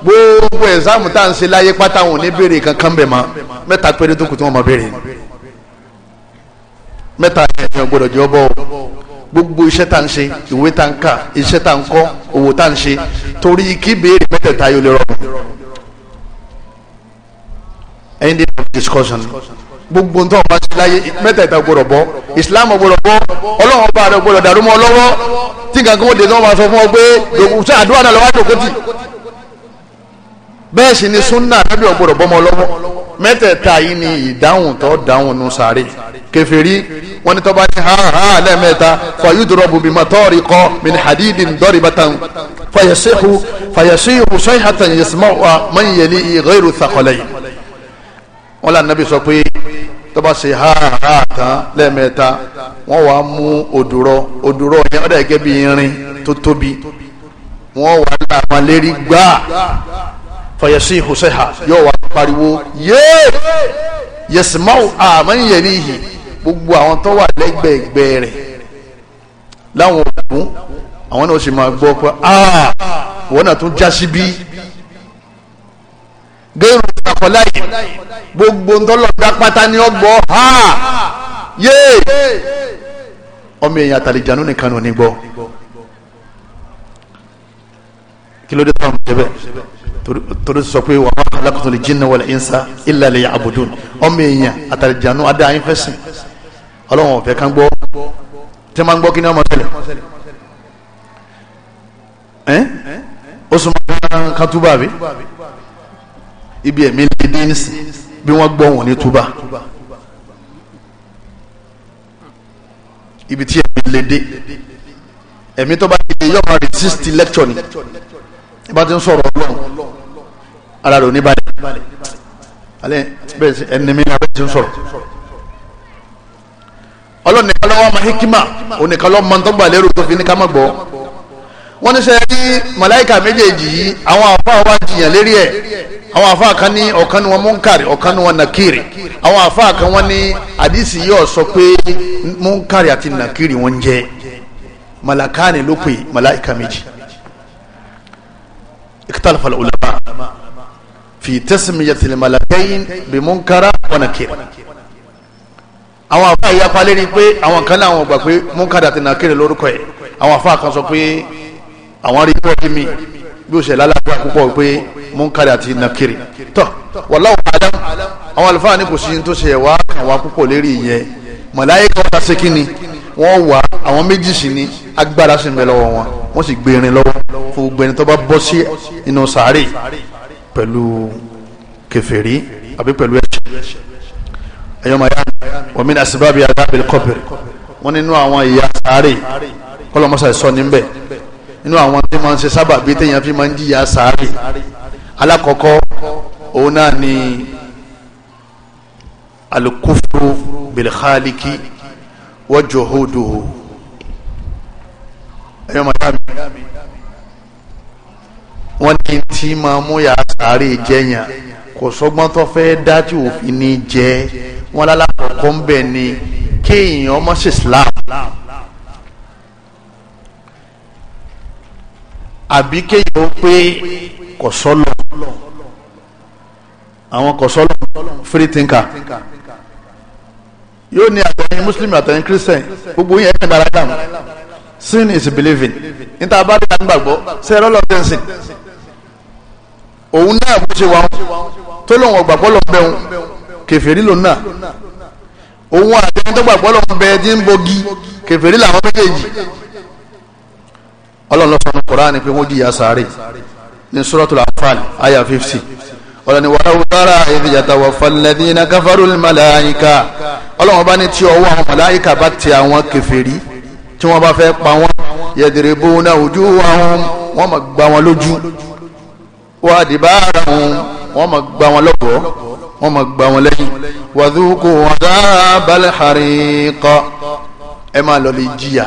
gbogbo ẹ̀sáàmù tá à ń ṣe láyé pátá òun ní béèrè kankan bẹ̀ mọ́ mẹ́ta péré tó kù tí wọ́n mọ béèrè mẹ́ta ẹ̀yìn ọgbọ́dọ̀ jọ bọ́ gbogbo iṣẹ́ tá à ń ṣe ìwé tá à ń kà iṣẹ́ tá à ń kọ́ òwò tá à ń ṣe torí kí béèrè mẹ́tẹ̀ẹ̀ta yóò lè rọrùn end of discussion. discussion gbogbo ntọ́ ọba ṣe láyé mẹ́tẹ̀ẹ̀ta gbọdọ̀ bọ́ islam gbọdọ̀ bọ́ ọlọ́run ọba rẹ̀ gbọdọ̀ dàrú mọ́ lọ́wọ́ tí nǹkan kan ó de tí wọ́n máa sọ fún ọ pé ṣé àdúrà náà lọ́wọ́ àjòkótì bẹ́ẹ̀ sì ni sunna nábì ọgbọdọ̀ bọ́mọ lọ́wọ́ mẹ́tẹ̀ẹ̀ta yìí ni ìdáhùn tó dáhùn nù sáré kèfèrí wọn ni tọ́ba ní hàhà lẹ́ẹ̀mẹ́ta fayudrọ̀bù bímọ tọ́ọ̀rì kọ́ min hadidi dọ́rìbatan fayasihu fayasihu sayhatan yasmọ́ wa man yẹli ghayru thaqalayn wọn là nàbí sọ pé tó bá ṣe ha ha tán lẹ́ẹ̀mẹ́ta wọ́n wàá mú òdùrọ òdùrọ yẹn ó dà gẹ́gẹ́ bí irin tó tóbi wọ́n wàá là wọn lérí gbáà fàyẹ̀sí ìhùsẹ́hà yóò wá pariwo yéé yẹ̀sìmáwò àmọ́nyẹ̀rí yìí gbogbo àwọn tó wà lẹ́gbẹ̀ẹ́gbẹ́ rẹ̀ láwọn òkú àwọn náà sì máa gbọ́ pé aa wọ́n náà tún já bí gẹ́rù àkọlá yìí gbogbo ntọ́lọ́dá pátá ni ọ gbọ́ ha yéé ọmọ èèyàn àtàlìjànú nìkan ò ní gbọ́ kí ló dé tó àwọn ṣẹbẹ torí sọ pé wa ma khalaqtu al-jinna wal-insa illa liya'budun ọmọ èèyàn àtàlìjànú adé àyín fẹsìn ọlọ́wọ̀n ọ̀fẹ́ kan gbọ́ tí wọ́n máa ń gbọ́ kí ni wọ́n máa ṣẹlẹ̀ ó sọ ma kan túbà bí ibi ẹ̀mí lè dé nísìn bí wọ́n gbọ́ wọn ní túbà ibi tí ẹ̀mí lè dé ẹ̀mí tó bá yẹ yọ̀ọ́ máa resist lecture ni ẹ bá ti ń sọ̀rọ̀ ọlọ́run ara rẹ̀ ò ní balẹ̀ alẹ́ bẹ́ẹ̀ sẹ́ ẹni mi náà bẹ́ẹ̀ ti ń sọ̀rọ̀ ọlọ́run nìkan lọ́wọ́ ọmọ hikima òun nìkan lọ́wọ́ ọmọ tó gbà lérò tó fi ní ká má gbọ́ wọ́n ní sẹ́ rí màláìkà méjèèjì yìí àwọn àfáà wá jiyàn lérí ẹ̀ àwọn àfáà kan ní ọ̀kan ní wọn múnkàrí ọ̀kan ní wọn nàkírì àwọn àfáà kan wọ́n ní àdìsí yóò sọ pé múnkàrí àti nàkírì wọ́n jẹ́ màlàkánì ló pè màláìkà méjì ikhtalafa al-ulama fi tasmiyati al-malakayn bi munkara wa nakiri àwọn àfáà yapa lérí pé àwọn kan náà wọ́n gbà pé múnkàrí àti nàkírì lórúkọ ẹ̀ àwọn àfáà kan sọ pé àwọn rí mi bí ó ṣe lálàáfíà púpọ̀ pé munkari àti nakiri tọ́ wallahu alam àwọn àlùfáà ní kò sí tó ṣe wá àwọn púpọ̀ lérí ìyẹn màláíkà wọ́n ta ṣe kí ni wọ́n wà àwọn méjì sí ni agbára sì ń bẹ lọ́wọ́ wọn wọ́n sì gbé irin lọ́wọ́ fún gbogbo ẹni tó bá bọ́ sí inú sàárè pẹ̀lú kèfèrí àbí pẹ̀lú ẹ̀ṣẹ̀ ẹ̀yọ́ màá yá wọ́n nínú àwọn ìyá sàárè kọ́lọ́mọ́sà nínú àwọn tí máa ń ṣe sábà bíi téèyàn fi máa ń jìyà sáré alákọ̀ọ́kọ́ òun náà ni alukufru bilkhaliki wajuhuduhu ẹ̀yọ́ màdá mi wọ́n ní tí máa mú yà sáré jẹ́yàn kò sọ́gbọ́n tó fẹ́ dá tí òfin ní jẹ́ wọ́n lálákọ̀ọ́kọ́ ń bẹ̀ ni kéèyàn ọmọ sí Islam. Islam àbí kéyìn ó pé kọ̀sọ́lọ̀ àwọn kọ̀sọ́lọ̀ free thinker yóò ní àtẹ̀yìn muslim àtẹ̀yìn christian gbogbo yẹn ẹ̀yìn bara dàmú sin is believing níta bá dé àgbàgbọ́ sẹ́rọ̀ lọ́dẹ̀ sìn òun náà bó ṣe wà wọn tó lóun ọgbà bọ́lọ̀ bẹ́ẹ̀ kèfèrí lòun náà òun àtẹ̀yìn tó gbà bọ́lọ̀ bẹ́ẹ̀ dín bogi kèfèrí làwọn méjèèjì ọlọ́run ló sọ ní koran pé wọ́n jìyà sáré ní suratul anfal aya fifty ọlọ́ni wàhálà wàhálà ìdíjàtà wàfàlẹ́dínà káfárùl màláyíkà ọlọ́run bá ní tí ọwọ́ àwọn màláyíkà bá ti àwọn kèfèrí tí wọ́n bá fẹ́ pa wọ́n yadribuna wujuhahum wọ́n máa gbá wọn lójú wa adbarahum wọ́n máa gbá wọn lọ́gọ̀ọ́ wọ́n máa gbá wọn lẹ́yìn wa dhuqu adhabal hariq ẹ máa lọ lè jìyà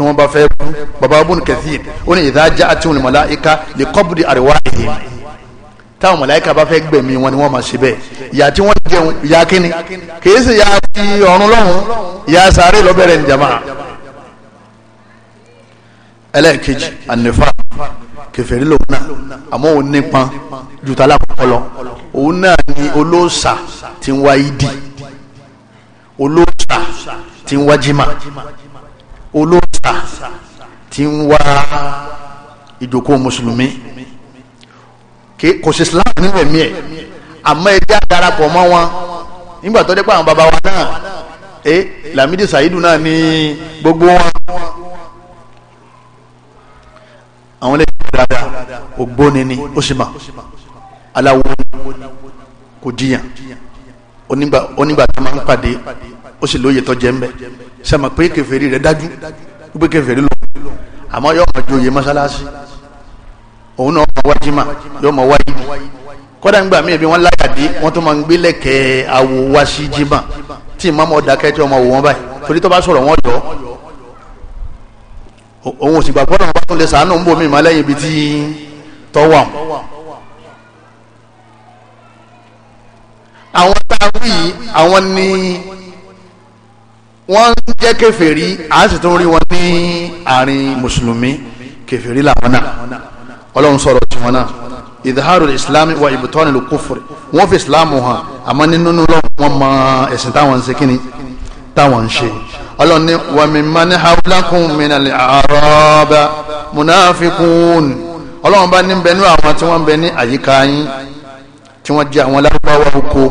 tí wọ́n bá fẹ́ kú baba abun kathir ó ní idha ja'atul malaika li qabdi arwahihim táwọn mọ̀láìka bá fẹ́ gbẹ̀mí wọn ni wọ́n máa ṣe bẹ́ẹ̀ ìyá tí wọ́n jẹun ìyá kínní kìí sì ya ti ọ̀run lọ́hùn ìyá sáré lọ́bẹ̀rẹ̀ ní jama. ẹlẹ́ẹ̀kejì ànífà kẹfẹ́rí lòun náà àmọ́ òun nípọn jùtàlá kọlọ òun náà ni olóòṣà tí ń wá ìdí olóòṣà tí ń wá jimá olóòṣà ti ń wá ìjókòó mùsùlùmí kò sí islam nínú ẹ̀mí ẹ̀ àmọ́ ẹgbẹ́ àdarapọ̀ mọ́ wọn nígbà tó dé pé àwọn bàbá wa náà ẹ Lamidi Saidu náà ní gbogbo wọn àwọn ilé ìgbà dáadáa ògbóni ni ó sì mà aláwo kò jiyàn onígbà onígbà tó máa ń pàdé ó sì lóye tọ́jẹ́ ń bẹ̀ sẹ́mi pé kèfèrí rẹ̀ dájú pé kèfèrí lòun àmọ́ yóò máa joyè mọ́sálásí òun náà máa wájú mà yóò máa wáyé di kódà ń gbà mí ẹ̀bí wọn láyàdé wọn tó máa ń gbé lẹ́kẹ̀ẹ́ awo wá sí jimá tí ìmáàmù ọ̀dà kẹ́tẹ́ ọmọ wò wọ́n báyìí torí tó bá sọ̀rọ̀ wọn yọ òun ò sì gbàgbọ́ náà bá tún lè sàánú ń bò mí ìmọ̀ lẹ́yìn ibi tí tọ́wà àwọn táwí àwọn ní wọ́n ń jẹ́ kèfèrí à sì tún rí wọn ní àárín mùsùlùmí kèfèrí làwọn náà ọlọ́run sọ̀rọ̀ tí wọn náà ìdáhàrò ìsìlámù wa ìbùtọ́ni ló kófòrè wọ́n fi ìsìlámù hàn àmọ́ nínú lọ́wọ́ wọn mọ ẹ̀sìn táwọn ń ṣe kíni táwọn ń ṣe ọlọ́run ní wàmí mani hawlákùn mìíràn àrọ́bà munafikun ọlọ́run bá ní bẹnu àwọn tí wọ́n bẹ ní àyíká yín tí wọ́n jẹ́ àwọn lárúbáwá oko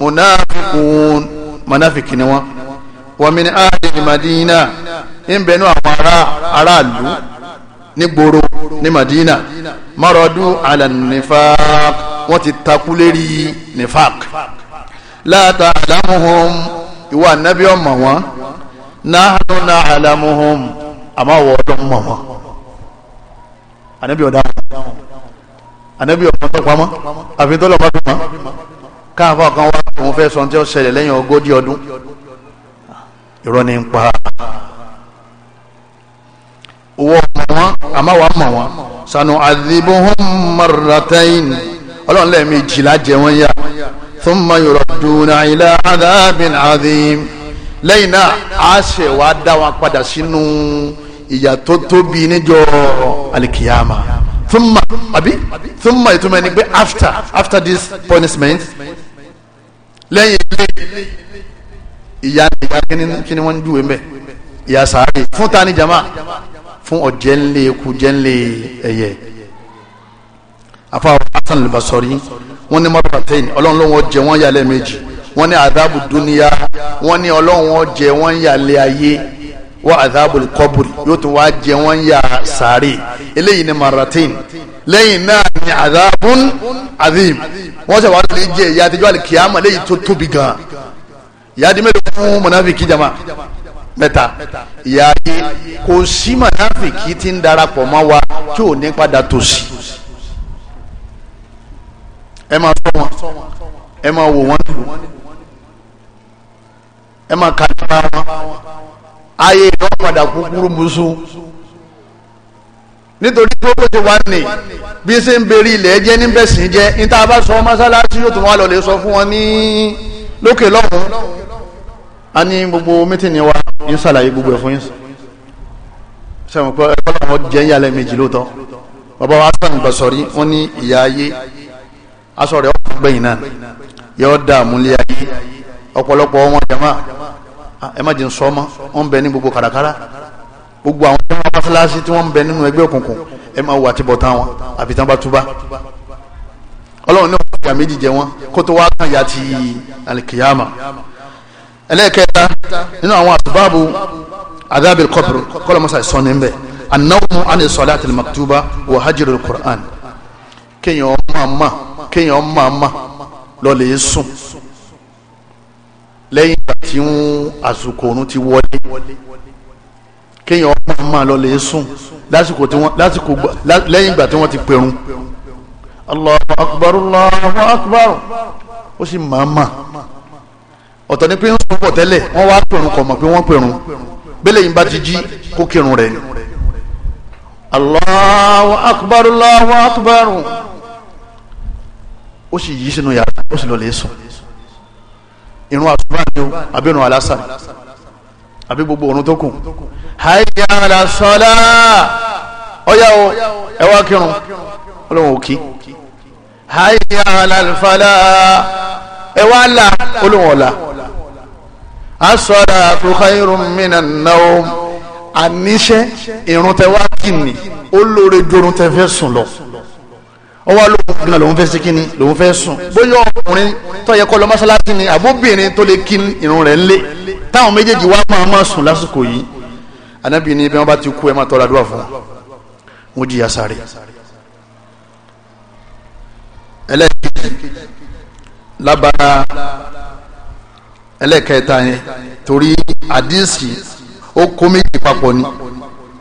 munafikun munafiki ni wọ́n wàmíní áàdì madina ń bẹnu àwọn aráàlú ní gbòòrò ní madina maradu ala nifaq wọ́n ti takú lérí nifaq láta alamuhum ìwà nabi ọmọ wọn nahanu na alamuhum àmọ́ wọ ọlọ́run mọ̀ wọn anabi ọ̀dà wọn anabi ọ̀pọ̀ tó pamọ́ àfi tó lọ́ọ́ bá fi mọ́ káàfọ́ kan wá òun fẹ́ sọ tí ó ṣẹlẹ̀ lẹ́yìn ogójì ọdún irọ́ ní ń pa owó ọmọ wọn àmàwà mọ̀ wọn sanu adhibuhum marratayn ọlọ́run lẹ́ẹ̀mejì lájẹ wọn yá thumma yuraduna ila adhabin adhim lẹ́yìn náà a ṣe wá dá wọn padà sínú ìyà tó tóbi níjọ́ alikiyama thumma àbí thumma ìtumọ̀ ni pé after after this punishment lẹ́yìn ilé ìyá ìyá kíni wọ́n ń júwe mbẹ́ ìyá sáré fún ta ni jama fún ọ̀jẹ̀ ńlẹ̀ eku jẹ́ ńlẹ̀ ẹ̀yẹ afáwọn hasan al-Basri wọ́n ní mọ́tàtẹ́yìn ọlọ́run lọ́wọ́ jẹ wọ́n yálẹ̀ méjì wọ́n ní àdábù dúníyà wọ́n ní ọlọ́run wọ́n jẹ wọ́n yálẹ̀ ayé wọ́n àdábù kọ́bùrì yóò tún wá jẹ wọ́n yà sáré eléyìí ni maratin lẹ́yìn náà ni àdábù azim wọ́n sọ wàá lè jẹ ìyá àtijọ́ àlè kìámà léyìí tó tóbi gan-an ìyá di mélòó fún mọ̀nàfíkì jama mẹ́ta ìyá ayé kò sí mọ̀nàfíkì tí ń darapọ̀ mọ́ wa tí ò ní padà tòsí ẹ máa sọ wọn ẹ máa wò wọn nílùú ẹ máa kà nípa wọn ayé ìdánwò padà kúkúrú musu nítorí pé ti wá ní bí ṣe ń beri ilẹ̀ jẹ́ níbẹ̀sìn jẹ́ níta bá sọ mọ́sálásí yóò tún wá lọ sọ fún wọn ní lókè lọ́hùn a ní gbogbo mítìnì wa yín sàlàyé gbogbo ẹ̀ fún yín sẹ́wọ̀n pé ẹ̀kọ́ làwọn jẹ́ ń yàlẹ́ méjì lóòótọ́ bàbá wa sàn gbàsọ̀rí wọ́n ní ìyá ayé aṣọ rẹ̀ ọkọ̀ gbẹ̀yìn náà yọ dààmú lé ayé ọ̀pọ̀lọpọ̀ wọn jama ẹ má jẹ́ ń sọ́mọ́ wọ́n ń bẹ ní gbogbo kàràkàrà gbogbo àwọn tí wọ́n bá fúláṣí tí wọ́n ń bẹ nínú ẹgbẹ́ òkùnkùn ẹ má wà tìbọ̀ tán wọn àfi tán bá túbá ọlọ́run náà ìyá ẹlẹ́ẹ̀kẹta nínú àwọn àtúbàbù adábìl kọ́pùrù kọ́lọ́mọ́sá ìsọ ní bẹ́ẹ̀ anáwó àni sọlá àti maktuba wà hajjirul Qur'an kéèyàn máa kéèyàn máa lọ́lẹ̀ sùn lẹ́yìn ìgbà tí ń àsìkò òun ti wọlé kéèyàn máa lọ́lẹ̀ sùn lásìkò tí wọ́n lásìkò lẹ́yìn ìgbà tí wọ́n ti pẹ̀rùn Allahu akbar Allahu akbar ó sì máa máa ọ̀tọ̀ ni pé wọ́n sọ̀rọ̀ tẹ́lẹ̀ wọ́n wá pẹ̀rùn kọ̀ mọ̀ pé wọ́n pẹ̀rùn bẹ́lẹ̀ yìí bá ti jí kó kírun rẹ̀ ni. Allahu akbar Allahu akbar ó sì yí sínú yàrá ó sì lọ sùn irun àtúbà ni o àbí irun àbí gbogbo òrun tó kù hayya ala sala ọ̀yà o ẹ wá kírun ọlọ́run ò kí hayya ala fala ẹ wá là ọlọ́run ọ̀la as-salatu khayrun minan nawm àníṣe irun tẹ wá kìnnì ó lóore jorun tẹ fẹ́ sùn lọ ó wá lóhun kan lòun fẹ́ sí kínní lòun fẹ́ sùn bóyá ọkùnrin tó yẹ kó lọ mọ́sálásí ni àbóbìnrin tó lè kí irun rẹ̀ lé táwọn méjèèjì wá máa máa sùn lásìkò yìí anábì ní bí wọ́n bá ti kú ẹ máa tọ́ra dúrà fún wọn jìyà sáré ẹlẹ́ẹ̀kejì lábára ẹlẹ́ẹ̀kẹta yẹn torí àdísì ó kó méjì papọ̀ ni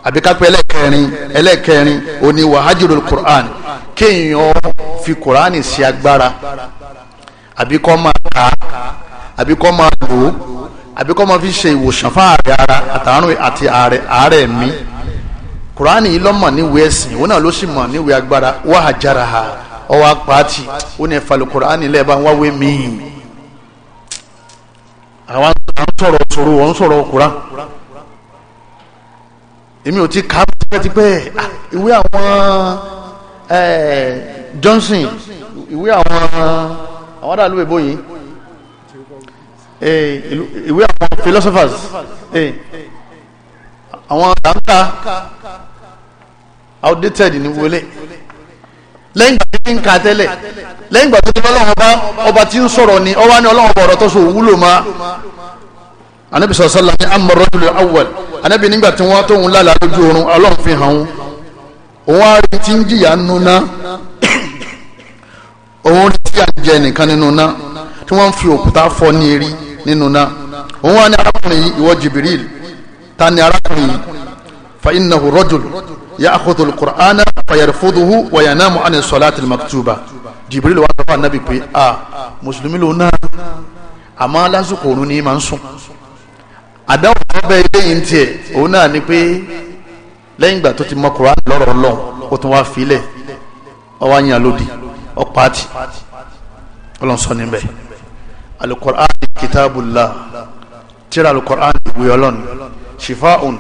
àbí kápẹ́ ẹlẹ́ẹ̀kẹrin ẹlẹ́ẹ̀kẹrin òní wàhájúrò Qur'an kéèyàn fi Qur'an sí agbára àbí kọ́ máa kà á àbí kọ́ máa lò ó àbí kọ́ máa fi ṣe ìwòsàn fún ààrẹ ara àtàrùn àti ààrẹ mi Qur'an yìí lọ́mọ̀ níwèé ẹ̀sìn òun náà ló sì mọ̀ níwèé agbára wàhájára ọwọ́ apá tì ó ní ẹ̀fà lè Qur'an lẹ́ẹ̀ bá ń wáwé àwọn sọ̀rọ̀ sòrò wọn sọ̀rọ̀ kura èmi ò ti kà á tipẹ́tipẹ́ ìwé àwọn Johnson ìwé àwọn àwọn dàlú èbó yìí ìwé àwọn philosophers àwọn àǹtà outdated ni wọlé lẹ́yìn gbà tí ń ka tẹ́lẹ̀ lẹ́yìn gbà tó ti fọlọ́wọ́ bá ọba tí ń sọ̀rọ̀ ni ọba ní ọlọ́wọ́ ọ̀rọ̀ tó so wúlò ma anabi sọ sọlá ní amọ̀rọ̀ jùlọ awọl anabi nígbà tí wọ́n tó ń lálà lójú oorun ọlọ́run fi hàn wọn òun á rí ń jìyà nínú òun rí tí à nìkan nínú ná tí wọ́n fi òkúta fọ́ ní erí nínú ná òun á ní arákùnrin yìí ìwọ Jibril ta ni arákùnrin yìí fa innahu rajul ya'khudhu al فيرفضه وينام عن yanamu an جبريل salati النبي maktuba Jibril wá sọ fún anabi pé a mùsùlùmí ló ná àmọ́ lásìkò òun ni máa ń sùn àdáwọ̀ tó bẹ ilé yìí tiẹ̀ òun náà ni pé lẹ́yìn ìgbà tó ti mọ Qur'an lọ́rọ̀ Ọlọ́run ó tún wá filẹ̀ ó wá yan lódì ó sọ níbẹ̀ al-Qur'an tíra al ìwé Ọlọ́run shifaun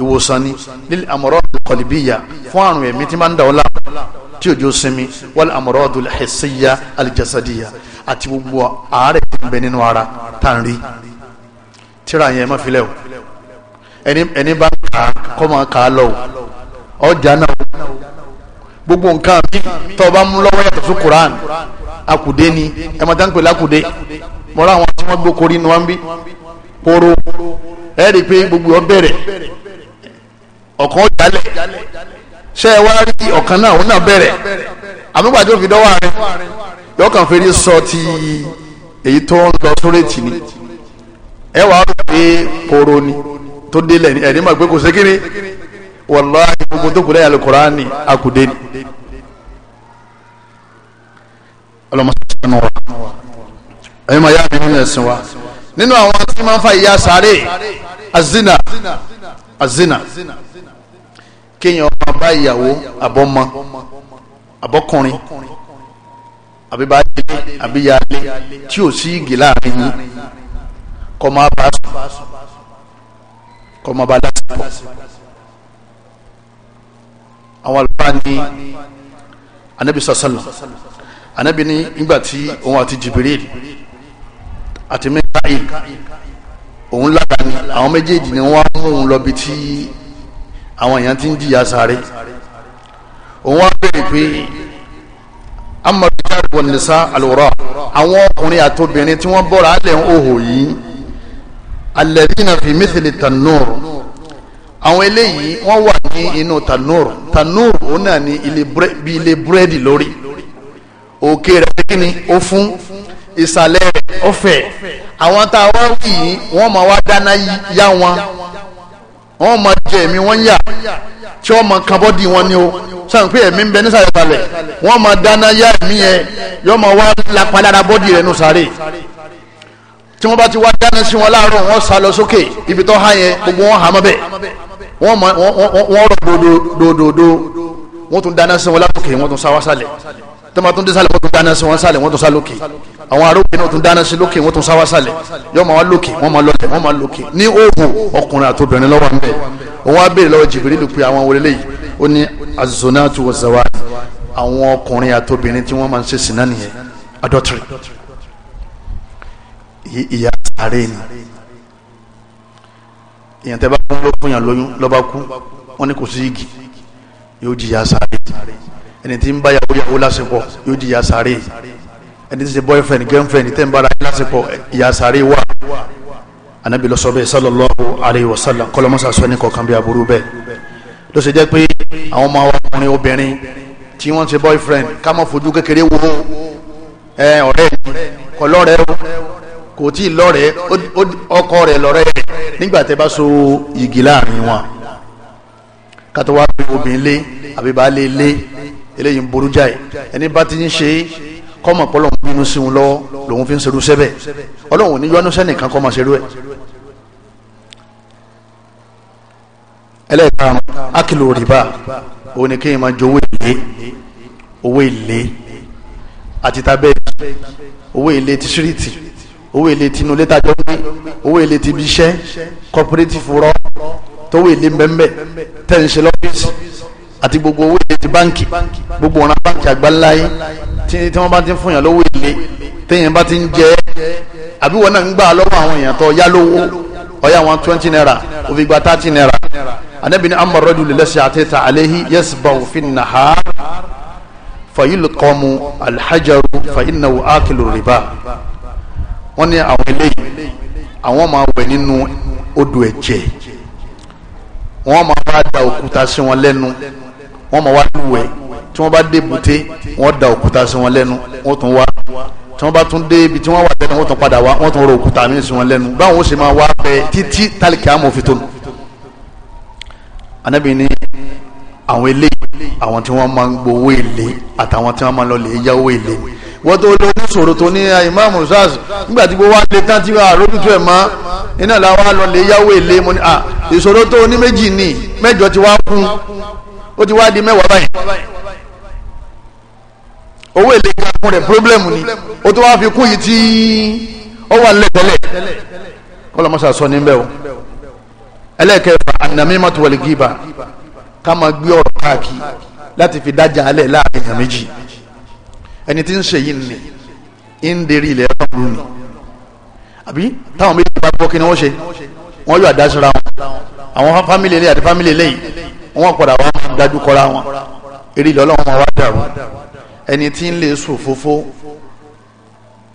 ìwòsàn ni lil amradul qalbiyya fún àrùn ẹ̀mí tí máa ń dà ọ́ láàmú tí òjò sinmi wal amradul hissiyya aljasadiyya àti gbogbo àárẹ̀ tí ń bẹ nínú ara tá à ń rí tíra yẹn má o ẹni ẹni bá kà á kọ́ máa o ọjà náà o gbogbo nǹkan mi tó bá mú lọ́wọ́ fún Quran akùdé ni ẹ̀ máa dá ń pè àwọn tí wọ́n gbókorí ni wọ́n ń kóró ẹ rí pé gbogbo ọ bẹ̀rẹ̀ ọ̀kan jalè ṣé ẹ wá rí ọ̀kan náà òun náà bẹ̀rẹ̀ àmúgbàdé òfin dọ́wọ́ rẹ yọkàn fèrè sọ ti èyí tó ń lọ sórètì ni ẹ wàá rò pé ni tó délẹ̀ ni ẹ̀rí mà pé kò sékiri wàláhì gbogbo tó kù lẹ́yìn alukóraani akùdé ni ọlọmọ sọ̀rọ̀ mi nínú ẹ̀sìn wa. nínú àwọn tí máa ń fa ìyà sáré azina azina kéèyàn máa bá ìyàwó àbọ́mọ àbọ́kùnrin àbíbáyé àbíyálé tí ò sí igi láàrin yín kọ́ máa bá sùn kọ́ máa bá lásìkò àwọn àlùfáà ní anabi sọsọlọ anabi ní ìgbà tí òun àti Jibril àti Mikael òun lára ni àwọn méjèèjì ni wọ́n á mú un lọ bí tí àwọn èèyàn ti ń jìyà sáré òun á bẹ̀rẹ̀ pé amọ̀rìjà bọ̀nìṣà àlùrọ̀ àwọn ọkùnrin àtobìnrin tí wọ́n bọ̀rọ̀ alẹ́ ń hòhò yìí alladhina fi mithli tanur àwọn eléyìí wọ́n wà ní inú tanur tanur òun náà ní ilé búrẹ́dì lórí òkè rẹ̀ kí ni ó fún ìsàlẹ̀ rẹ̀ ọ̀fẹ́ àwọn tá a wá wí yìí wọ́n máa wá dáná yá wọn wọ́n máa jẹ ẹ̀mí wọn yà tí wọ́n máa kan bọ́dì wọn ni o sọ̀rọ̀ pé ẹ̀mí ń bẹ nísàlẹ̀ balẹ̀ wọ́n máa dáná yá ẹ̀mí yẹn yọ́n máa wá lápalára bọ́dì rẹ̀ nù sáré tí wọ́n bá ti wá dáná sí wọn láàárọ̀ wọ́n sá lọ sókè ibi tó há yẹn gbogbo wọn hà mọ́ bẹ́ẹ̀ wọ́n rọ̀ gbòdòdòdò wọ́n tún dáná sí wọn lásòkè wọ́n tún sá wá sálẹ̀ tẹ́lẹ̀ tó ń dísàlẹ̀ wọ́n tún dáná sí wọ́n sálẹ̀ wọ́n tún sá lókè àwọn arógbé náà tún dáná sí lókè wọ́n tún sá wá sálẹ̀ yọ máa wá lókè wọ́n máa lọlẹ̀ wọ́n máa lókè ní òògùn ọkùnrin àti lọ́wọ́ ń bẹ̀ òun á béèrè lọ́wọ́ Jibril pé àwọn wọlé yìí ó ní azonatu wazawa àwọn ọkùnrin àti tí wọ́n máa ń ṣe sìnà nìyẹn adọ́tírì ìyá sàárè ni èèyàn tẹ́ bá kú ló fún yàn lóyún lọ́ba kú wọ́n ní kò sí igi yóò jìyà sàárè ẹni tí ń bá yàwó yàwó lásìkò yóò di yasare ẹni tí ń ṣe boyfriend girlfriend tẹ́ ń bá yàwó lásìkò yasare wa? anabi lọ sọ sallallahu alayhi wa sallam kọlọmọsà sọ ní kọkàn bí aburú bẹ́ẹ̀ ló ṣe jẹ́ pé àwọn ọmọ ọkùnrin obìnrin tí wọ́n ṣe boyfriend ká má fojú kékeré wo ẹ ọ̀rẹ́ kọ lọ́rẹ́ o kò tí ì lọ́rẹ́ ọkọ rẹ̀ lọ́rẹ́ nígbà tẹ́ bá so igi láàrin wọn kátó wá pé obìnrin lé àbí baálé lé eléyìí ń ború jáì ẹni bá ti ń ṣe kọ́mọ̀ pọ́lọ́ ń bínú sí wọn lọ́wọ́ lòun fi ń ṣerú sẹ́bẹ̀ ọlọ́run ní yọ́nú sẹ́nìkan kọ́ máa ṣerú ẹ̀. ẹlẹ́ẹ̀kan akílò rìbá òun ni kéèyàn máa jẹ owó èlé owó èlé àti tabẹ́ owó èlé ti ṣíríìtì owó èlé tinú létajọ́ gbé owó èlé ti ibiṣẹ́ cooperative rọ tówó èlé mbẹ́mbẹ́ tẹ̀ ń ṣe lọ́fíìsì àti gbogbo owó èlé ti báǹkì gbogbo ọ̀ràn báǹkì àgbáńláyé tí wọ́n bá ti ń fún yàn lówó èlé téèyàn bá ti ń jẹ àbí wọn náà ń gbà lọ́wọ́ àwọn èèyàn tó yá lówó ọ̀yà wọn twenty naira òfin gba thirty naira anabi ni amma rajul lẹ́sẹ̀ àtẹ̀tà àléhi yasbahu fin nahar fayilqamu alhajaru fa'innahu akilu riba wọ́n ní àwọn eléyìí àwọn máa wẹ̀ nínú odò ẹ̀jẹ̀ wọ́n máa wá da òkúta sí wọn lẹ́nu wọ́n mọ̀ wá lúwẹ̀ tí wọ́n bá dé bùté wọ́n da òkúta sí wọn lẹ́nu wọ́n tún wá tí wọ́n bá tún dé ibi tí wọ́n wà lẹ́nu wọ́n tún padà wá wọ́n tún rọ òkúta mi sí wọn lẹ́nu báwọn ó sì máa wá pẹ́ títí tálíkì àmọ́ fi tónu. anábì ní àwọn ilé àwọn tí wọ́n máa ń gbowó èlé àtàwọn tí wọ́n máa ń lọ lè yáwó èlé wọ́n tó lọ oníṣòro tó ní ìmáàmù sars nígbà tí gbogbo wa lè tán tí àròtútù ẹ̀ máa mo ní à ìṣòro tó ní méjì ní mẹ́jọ tí ó ti wá di mẹ́wàá báyìí owó èlé ga fún rẹ̀ pírọ́blẹ́mù ni ó tó wá fi kún yìí tí ó wà lẹ́tẹ̀lẹ̀ kọ́lọ́mọ́sá sọ níbẹ̀ o ẹlẹ́kẹ̀ẹ́fà ànàmímọ́tò wọlé gíba ká máa gbé ọ̀rọ̀ káàkiri láti fi dájà alẹ́ láàrin èèyàn méjì ẹni tí ń ṣe yìí ni ń derí ilẹ̀ ọ̀run ni àbí táwọn méjì bá bọ́ kí ni wọ́n ṣe wọ́n yọ àdásíra wọn àwọn fámìlì ilé àti fámìlì ilé wọ́n padà wá dájú kọ́ra wọn eré ìlú ọlọ́run wọn wá dàrú ẹni tí ń lè sùn fófó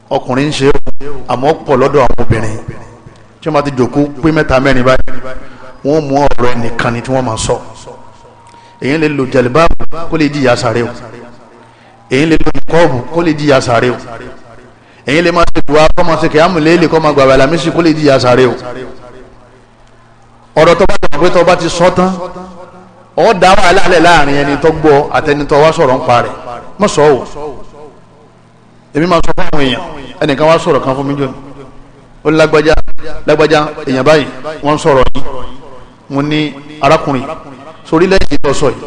ọkùnrin ń ṣe àmọ́ pọ̀ lọ́dọ̀ àwọn obìnrin tí wọ́n bá ti jòkó pé mẹ́ta mẹ́rin báyìí wọ́n mú ọ̀rọ̀ ẹnìkan ni tí wọ́n máa sọ èyí lè lo jẹ̀lẹ́báàbù kó lè jìyà sáré o èyí lè lo ìkọ́ọ̀bù kó lè jìyà sáré o èyí lè máa ṣe dùwà kọ́ máa ṣe kẹ́hámù léèlè kọ́ máa gbàgbà làmísì kó lè jìyà sáré o ọ̀rọ̀ tó bá ti sọ tán ọ̀ dá wàhálà lẹ̀ láàrin ẹni tó gbọ́ àtẹni tó wá sọ̀rọ̀ ń parẹ́ mọ̀ sọ o èmi máa sọ fún àwọn èèyàn ẹnìkan wá sọ̀rọ̀ kan fún mi jọ́ni ó ní lágbájá lágbájá èèyàn báyìí wọ́n ń sọ̀rọ̀ yìí mo ní arákùnrin sórí lẹ́yìn ìtọ́sọ̀ yìí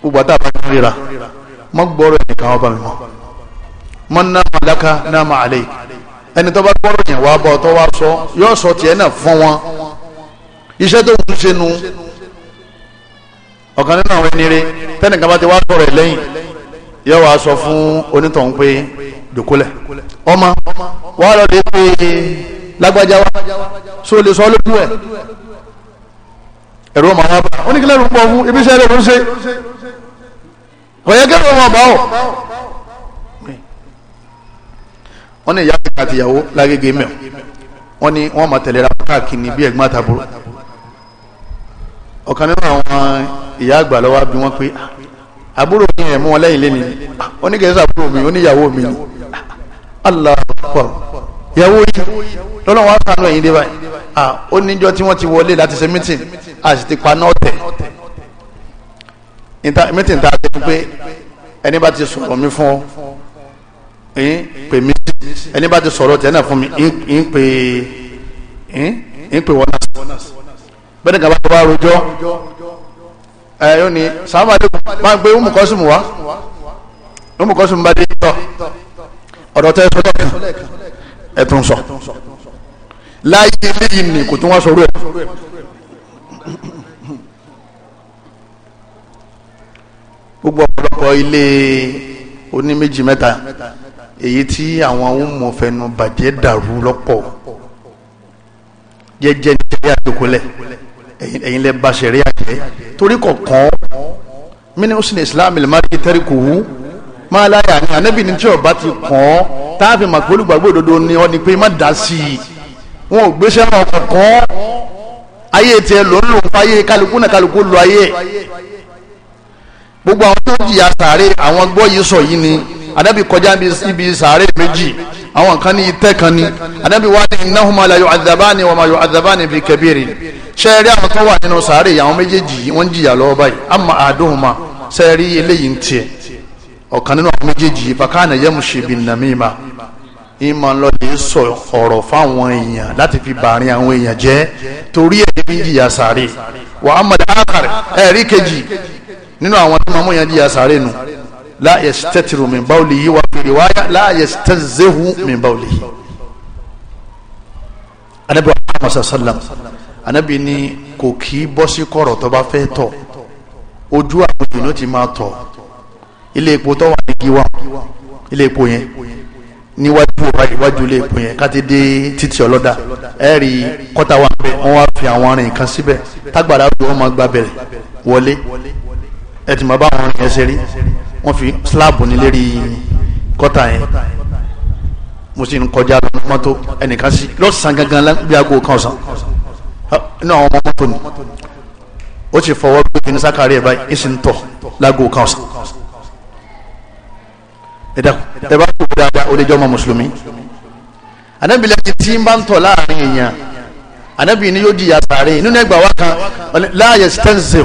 gbogbo àtàwọn àti ríra mọ́ gbọ́rọ̀ ẹnìkan wá bá mi mọ́ mọ́ náà àdáká náà máa àlẹ́ ẹni tó bá gbọ́rọ̀ yẹn wá bọ́ tó wá sọ yóò sọ tiẹ̀ náà fún wọn iṣẹ́ tó ń ṣe nu ọ̀kan nínú àwọn ẹni rẹ̀ tẹ́nìkan bá ti wá sọ̀rọ̀ ẹ̀ lẹ́yìn yóò wá sọ fún onítọ̀hún pé dòkúlẹ̀ ọmọ wà lọ lè pe lágbájá wa so lè sọ lójú ẹ̀ ẹ̀rọ màá bá ó ní kí lẹ́rù pọ̀ fún ibi iṣẹ́ rẹ̀ ló ń ṣe kọ̀yẹ́ kẹ́rù ọmọ àbáwọ̀ wọ́n ní ìyá àti ìyàwó lágége mẹ́ọ̀ wọ́n ní wọ́n máa tẹ̀lé ra káàkiri bí ẹ̀gbọ́n àtàbúrò ọ̀kan nínú àwọn ìyá àgbà lọ́wọ́ bí wọ́n pé ah, àbúrò mi ẹ̀ mú wọn lẹ́yìn lẹ́ni ah, àbúrò mi oníyàwó mi ni ah, allah akbar yàwó yìí lọ́nà wọn sànú ẹ̀yìn dé báyìí ó níjọ́ tí wọ́n ti wọlé láti ṣe mítìn a sì ti pa náà tẹ̀ mítìn ta a ti pé ẹni bá ti sọ̀rọ̀ mi fún ọ pè mí ẹni bá ti sọ̀rọ̀ tẹ̀ náà fún mi ń pè ń pè wọ́n náà bẹ́ẹ̀ nìkan bá tó bá rojọ́ ẹ yóò ní sàmà lè máa ń gbé umu kọ́sùmù wá umu kọ́sùmù bá dé tọ́ ọ̀rọ̀ tẹ́ sọ́lẹ̀ kan ẹ̀tún sọ láyé eléyìí ni kò tún wá sọ̀rọ̀ ẹ̀ gbogbo ọ̀pọ̀lọpọ̀ ilé oní méjì mẹ́ta èyí tí àwọn umu fẹnu bàjẹ́ dàrú lọ́pọ̀ jẹ́jẹ́ ní ṣẹ́yà jókòó lẹ̀ ẹ̀yin lẹ́ bá ṣẹ̀rí àjẹ́ torí kọ̀ọ̀kan mini usin islam ilmari tarikuhu máa láyà ní anabi ní tí ọba ti kàn án táàfin màkúlù gbàgbọ́ òdodo ni ọ ni pé má dá sí i wọn ò gbéṣẹ́ wọn kọ̀ọ̀kan ayé tiẹ̀ ló ń lò ń fáyé kálukú náà kálukú lọ ayé gbogbo àwọn tó jìyà sàárè àwọn gbọ́ yìí sọ yìí ni anabi kọjá ibi sàárè méjì àwọn kan ní itẹ́ kan ní anábì wa ní innahuma la yu'adhabani wa ma yu'adhabani bi kabiri sẹ́ẹ̀rí àwọn tó wà nínú sàárè àwọn méjèèjì wọ́n jìyà lọ́wọ́ báyìí amma ahaduhuma sẹ́ẹ̀rí eléyìí ń tiẹ̀ ọ̀kan nínú àwọn méjèèjì fakana yamshi bin namima ìmọ̀ lọ́dẹ̀ sọ ọ̀rọ̀ fáwọn èèyàn láti fi bàárín àwọn èèyàn jẹ́ torí ẹ̀ ní jìyà sàárè wa amma ẹ̀rí kejì nínú àwọn tó máa mú yẹn jìyà sàárè nù لا يستتر من بوله wa fi لا la من بوله. bawlihi anabi wa muhammad sallam anabi ni kò kí bọ́ sí kọ̀rọ̀ tó bá fẹ́ tọ̀ ojú àwọn èèyàn ló ti máa tọ̀ ilé epo tó wà ní giwa ilé epo yẹn níwájú iwájú ilé epo yẹn káti dé títí ọlọ́dà ẹ rí kọ́tà wà pé wọ́n wá fi àwọn arìn kan síbẹ̀ tágbàdá ló wọ́n máa gbà bẹ̀rẹ̀ wọlé ẹ ti máa bá àwọn arìn yẹn rí wọ́n fi síláàbù ní lérí kọ́tà yẹn mo sì ń kọjá lọ́nà mọ́tò ẹnìkan sí lọ́sàn gangan bí aago kan ọ̀sán inú àwọn ọmọ mọ́tò ni ó sì fọwọ́ pé kí ní sákàrí ẹ̀ báyìí ìsìn tọ̀ láago kan ọ̀sán ẹ̀dá ẹ̀ bá kú dáadáa ó lè jọ́ ọmọ mùsùlùmí ànábìlẹ̀ ti ń bá ń tọ̀ láàrin èèyàn anabi ni yóò di yasare nínú ẹgbà wa kan láàyè stencil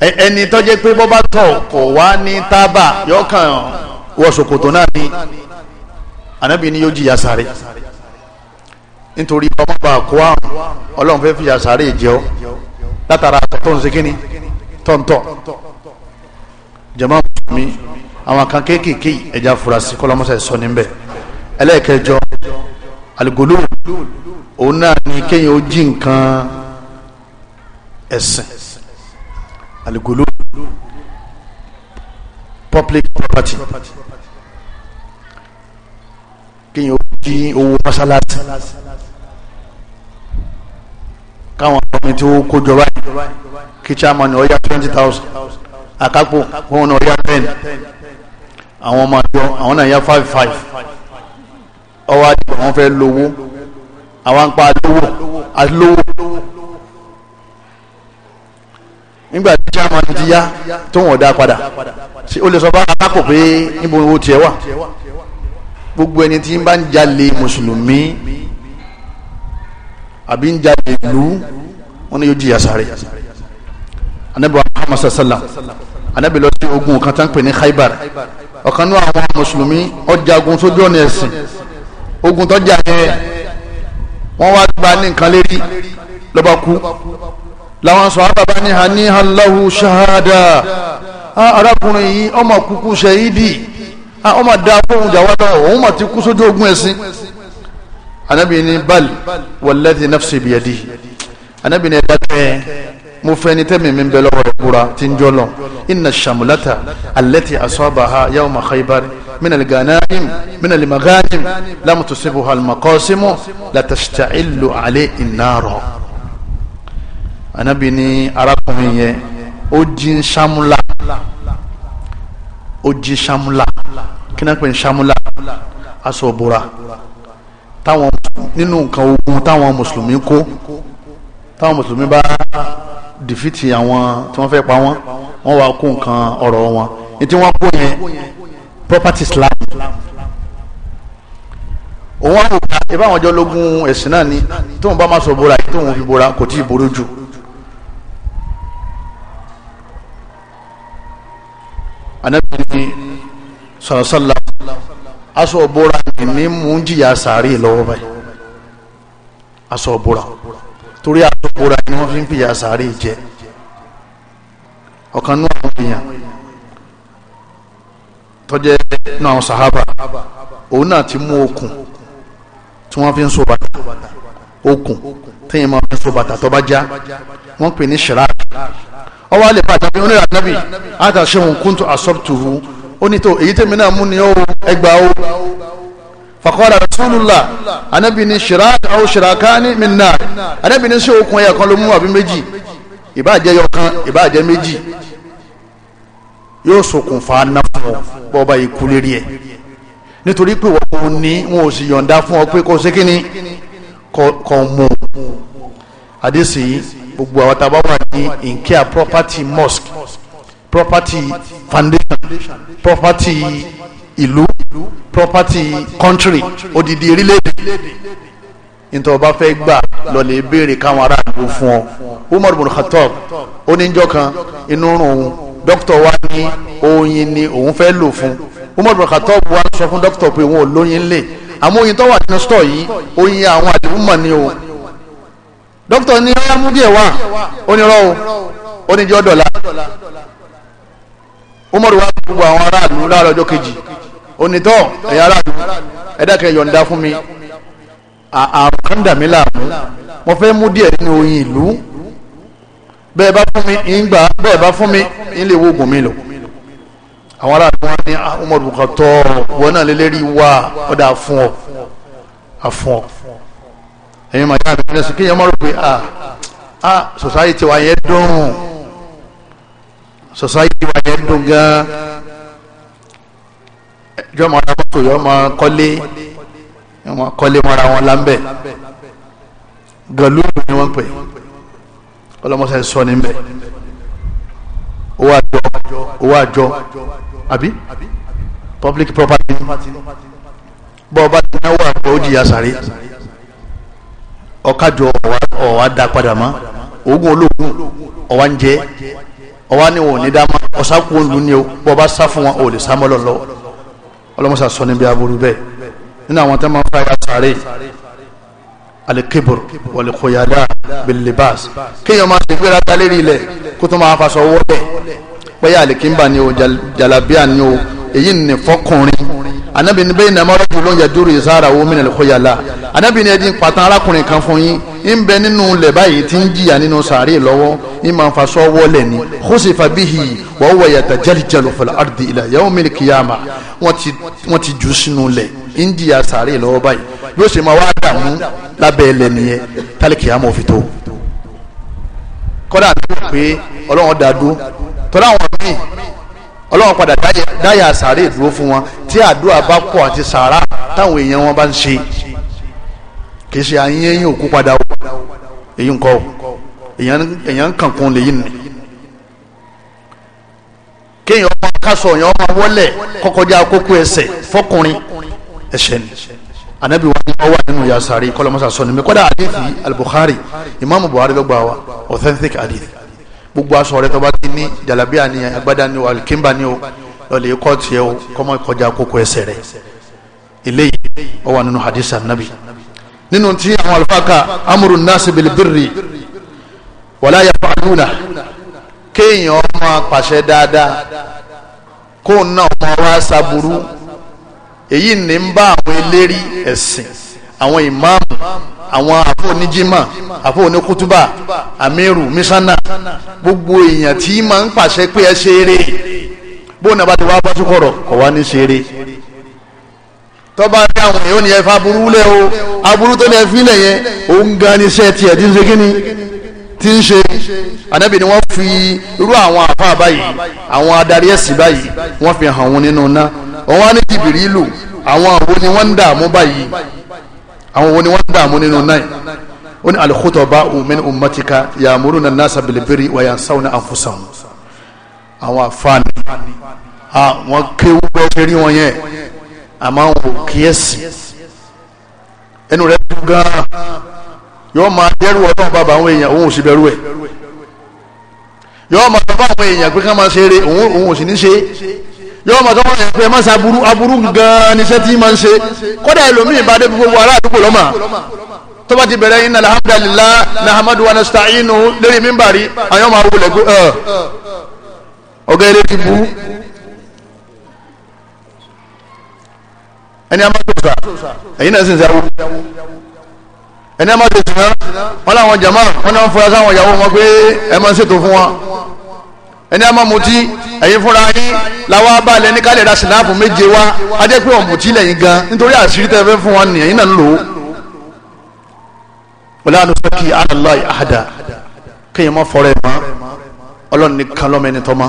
ẹni tó jẹ́ pé bọ́bá tọ̀ kọ̀ wá ní tábà yóò kàn wọ ṣòkòtò náà ni anabi ni yóò di yasare nítorí ọmọ bá kó àrùn ọlọ́run fẹ́ fi yasare jẹ ọ́ látara tó ń ṣe kíni tọ̀ntọ̀ mi àwọn kan kéékèèké ẹja furasi kọ́lọ́mọsẹ̀ sọ níbẹ̀ ẹlẹ́ẹ̀kẹjọ alikolo òun náà ni kéèyàn ó jí nǹkan ẹ̀sìn alikolo public property kéèyàn ó jí owó mọ́sálásí káwọn ọmọ tí ó kójọ báyìí kí chairman ọ̀yà twenty thousand àkápò wọn náà ọ̀yà ten àwọn ọmọ àjọ àwọn náà yá five five ọwọ́ àdìgbò wọn fẹ́ lówó àwọn apá lówó alówó nígbà tí german ti yá tó wọn dá padà ó lè sọ bá alákò pé níbo owó tiẹ̀ wà gbogbo ẹni tí ń bá ń jalè mùsùlùmí àbí ń jalè ìlú wọn ni yóò jìyà sáré anabi wa muhammad sallallahu alaihi wasallam anabi lọ sí ogun kan tán pè ní khaybar ọ̀kan náà àwọn mùsùlùmí ó jagun sójú ọ̀nà ẹ̀sìn ogun tó jà yẹn wọ́n wá gba ní nǹkan lérí lọ́ba kú làwọn sọ àbàbà ní hàní aláwo ṣahada ah, arákùnrin yìí ọmọ kúkú ṣẹ́yídì ọmọ ah, dá fóun jà wá lọ òun mà ti kú sójú ogun ẹ̀sìn anabi ni bal walladhi nafsi biyadi anabi ni dakẹ mo fẹ́ ni tẹmi mi bẹ lọ́wọ́ ẹkura ti n jọ lọ inna shamulata allati asabaha yawma khaybar من الغنائم من المغانم لم تصبها المقاسم لتشتعل عليه النار Ànábì ní arákùnrin yẹn ó jí ṣámúlà ó jí ṣámúlà kí náà pè ní ṣámúlà aṣọ òbúra táwọn nínú nǹkan ogun táwọn mùsùlùmí kó táwọn mùsùlùmí bá dìfìtì àwọn tí wọ́n fẹ́ pa wọ́n wọ́n wá kó nǹkan ọ̀rọ̀ wọn ní tí wọ́n kó yẹn property Islam òun àwọn òkúta ìbá àwọn ọjọ́ lógún ẹ̀sìn náà ni tóun bá má sọ bora yìí tóun fi bora kò tí ì ború jù anabi ni sọlọsọlọ aṣọ òbora ní mú jìyà sàárè lọ́wọ́ báyìí aṣọ òbora torí aṣọ òbora ni wọ́n fi ń pìyà sàárè jẹ ọ̀kan nú àwọn èèyàn tọ́jẹ́ nínú àwọn sahaba òun náà ti mú okùn tí wọ́n fi ń so bàtà okùn téèyàn máa fi ń so bàtà tó bá já wọ́n pè ní shirak ọwọ́ àlè bàtà bí onírà nábì àtà shehun kuntu asabtuhu ó ní tó èyí tèmi náà mú ni ó ẹgbà ó faqala rasulullah anabi ni shirak aw shirakani min nar anabi ni sí okùn ẹ̀yà kan ló mú àbí méjì ìbá jẹ́ yọkan ìbá jẹ́ méjì yóò ṣokùnfà ná fún ọ bọba ikú lérí ẹ nítorí pé wọn kò ní wọn ò sì yọ̀ǹda fún ọ pé kò sí kíni kò mú un àdéhùn gbogbo àwọn tá a bá wà ní nkea property mosque property foundation property ìlú property country odidi orílẹ̀-èdè nítorí ọba fẹ́ gbà lọ́lẹ̀ béèrè káwọn aráàlú fún ọ Umar bin Khattab oníjọ́ kan inú rùn dókítà wa ní oyin ni òun fẹ́ lò fún umar bin khattab wa sọ fún dókítà pé òun ò lóyin lè àmọ́ oyin tó wà nínú stọ̀ yìí oyin àwọn àdìmúmọ̀ ni o dókítà ní ọmú díẹ̀ wá onírọ́ o oníjọ́ dọ̀la umar wa gbogbo àwọn aráàlú láàárọ̀ ọjọ́ kejì onítọ̀ ẹ̀yà aráàlú ẹ̀dàkẹ́ yọ̀ǹda fún mi àrùn kan dà mí láàmú mo fẹ́ mú díẹ̀ nínú oyin ìlú bẹ́ẹ̀ bá fún mi ìgbà bẹ́ẹ̀ bá fún mi ilé ìwògùn mi lò àwọn aráàlú wọn ní ah, Umaru Bukatọ wọn náà lélẹ́rí wá ọ̀dà fún ọ àfún ọ ẹ̀yin màá yára bẹ̀rẹ̀ sí kéèyàn mọ̀rọ̀ pé a ah, a ah, society wa yẹn dùn society wa yẹn dùn gan ìjọ máa ra mọ́tò yọ máa kọ́lé yọ máa kọ́lé mọ́ra wọn lábẹ́ gàlúù ni wọ́n pè é ọlọ́mọsẹ̀ sọ ní bẹ́ẹ̀ owó àjọ owó àjọ àbí public property bọ́ọ̀ bá ti náwó àjọ ó jìyà sàrí ọ̀kájọ ọ̀wá dá padà mọ́ oògùn olóògùn ọ̀wá ń jẹ́ ọ̀wá ní òní dámọ́ ọ̀sákùn òǹlù ni ó bọ́ bá sá fún wọn ò lè sá mọ́ lọ́lọ́ ọlọ́mọsà sọ níbi aburú bẹ́ẹ̀ nínú àwọn tẹ́ máa ń alikibur walikoyada bilibas kéèyàn máa ṣe gbéra ta lérí ilẹ̀ kó tó máa faṣọ wọlé bóyá alikimba ni o jalabia ni o èyí ni fọkùnrin anabi ni bẹ́ẹ̀ nàmọ́ rẹ̀ ló ń yẹ dúró ìsára wo mi nàlẹ́ kóyàlá anabi ni ẹni pàtàkì arákùnrin kan fún yín ń bẹ nínú lẹ̀ báyìí tí ń jìyà nínú sàárè lọ́wọ́ ń máa fa sọ́ wọlé ni khusifa bihi wa huwa yatajaljalu fil ardi ila yawmil qiyamah wọ́n ti jù sínú lẹ̀ ń jìyà sàárè lọ́wọ́ báyìí yóò ṣe máa wá dààmú lábẹ́ ilẹ̀ nìyẹn tálíkì àmọ́ òfin tó kọ́dà tó pé ọlọ́run dàdú tọ́lá àwọn míì ọlọ́run padà dáyà sàárè dúró fún wọn tí àdúrà bá pọ̀ àti sàárà táwọn èèyàn wọn bá ń ṣe kì í ṣe àyín ẹ̀yìn òkú padà ó èyí ń èèyàn ń lèyí nì kéèyàn ọmọ kásọ̀ èèyàn ọmọ wọlé kọ́kọ́já kókó ẹsẹ̀ fọkùnrin ẹ̀ṣẹ̀ ni anabi wa ni ọwọ nínú yasari kọlọmọsá sọni mi kódà hadithi al-Bukhari imaamu Buhari ló gbà wá authentic hadith gbogbo aṣọ rẹ tó bá ti ní jalabiya ni agbada ni o alikimba ni o lọlẹ ikọ tiẹ o kọmọ ìkọjá kókó ẹsẹ̀ rẹ̀ eléyìí ọwọ nínú hadith anabi nínú tí àwọn alifaka amuru nasi bilibiri wàlá yafa aluna kéèyàn ọmọ pàṣẹ dáadáa kóun náà ọmọ wa sábúrú èyí ní ń bá àwọn eléri ẹ̀sìn àwọn ìmáàmù àwọn àfọ oníjímà àfọ oníkútúbà amíru mísánà gbogbo èèyàn tí máa ń pàṣẹ pé ẹ ṣeré bóun náà bá ti wá bá túkọ̀rọ̀ kọ̀ wá ní ṣeré tọ́ba ní àwọn èèyàn ní ẹ fa aburú lẹ̀ o aburú tó ní ẹ fílẹ̀ yẹn òun gan ni iṣẹ́ tiẹ̀ tí ń ṣe kíni tí ń ṣe ànábì ni wọ́n fi irú àwọn àfa báyìí àwọn adarí ẹ̀sìn báyìí wọ́n fi hàn wọn nínú náà òun wá ní jìbìrìlù àwọn àwo ni wọ́n ń dààmú báyìí àwọn wo ni wọ́n ń dààmú nínú náà ó ní alkhutaba min ummatika ya'muruna an-nasa bil-birri wa yansawna anfusahum àwọn àfáàní àwọn kéwú bẹ́ẹ̀ ṣe rí wọn yẹn àmọ́ àwọn ò kíyèsí ẹnu rẹ̀ dùn gan-an yóò máa dẹ́rù ọlọ́run bàbá àwọn èèyàn òun ò sì bẹ̀rù ẹ̀ yóò máa sọ àwọn èèyàn pé ká máa ṣeré òun ò sì ní ṣe é yọọ ma sọ wọn ẹfẹ ma sa aburú aburú gan ni sẹ ti ma ṣe kódà ẹlòmíì bá dé gbogbo ara àdúgbò lọ́mà tọ́ba ti bẹ̀rẹ̀ iná alhamdulillah nahamadu wa nasta'inu lórí mímbàrí àwọn ọmọ awolẹ̀ gbé ẹ ọgá eré ti bu ẹni amadu sa ẹyin náà sì ń sẹ́wó ẹni amadu sìnà wọn làwọn jama wọn náà fọyà sáwọn ìyàwó wọn pé ẹ máa ń ṣètò fún wa ẹni àmọ́ mutí ẹ̀yin fúnra yín làwọn abalẹ̀ ní kálẹ̀ ra sinapu méje wa ajẹ́ pé ọ̀mùtí lẹ́yìn gan nítorí àṣírí tẹ́ fẹ́ fún wọn ni ẹ̀yin náà ń lò ó. wọlé anusaki Allah ahada kéèyàn má fọrọ ẹ mọ Ọlọ́run nìkan lọmọ ẹni tọmọ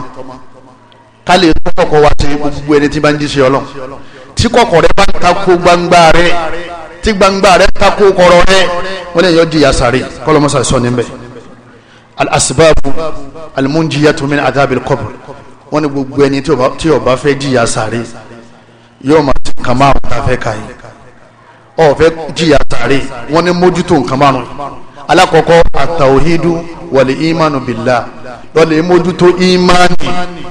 kálẹ̀ kọ́kọ́ wa ti gbogbo ẹni tí bá ń jíṣẹ́ Ọlọ́run tí kọ̀kọ̀ rẹ bá tako gbangba rẹ tí gbangba rẹ tako kọ̀rọ̀ rẹ wọ́n lè yọ jìyà sáré kọ́lọ́mọ́sà sọ níbẹ̀ alasibabu alimunjiyatu min adabil qabr wọn ni gbogbo ẹni tí ó bá fẹ́ jìyà sáré yóò máa ti nǹkan márùn tá a fẹ́ ka yìí ó fẹ́ jìyà sáré wọn ni mójútó nǹkan márùn alakọkọ atawhidu wàlẹ imanu billah lọlẹ mójútó imani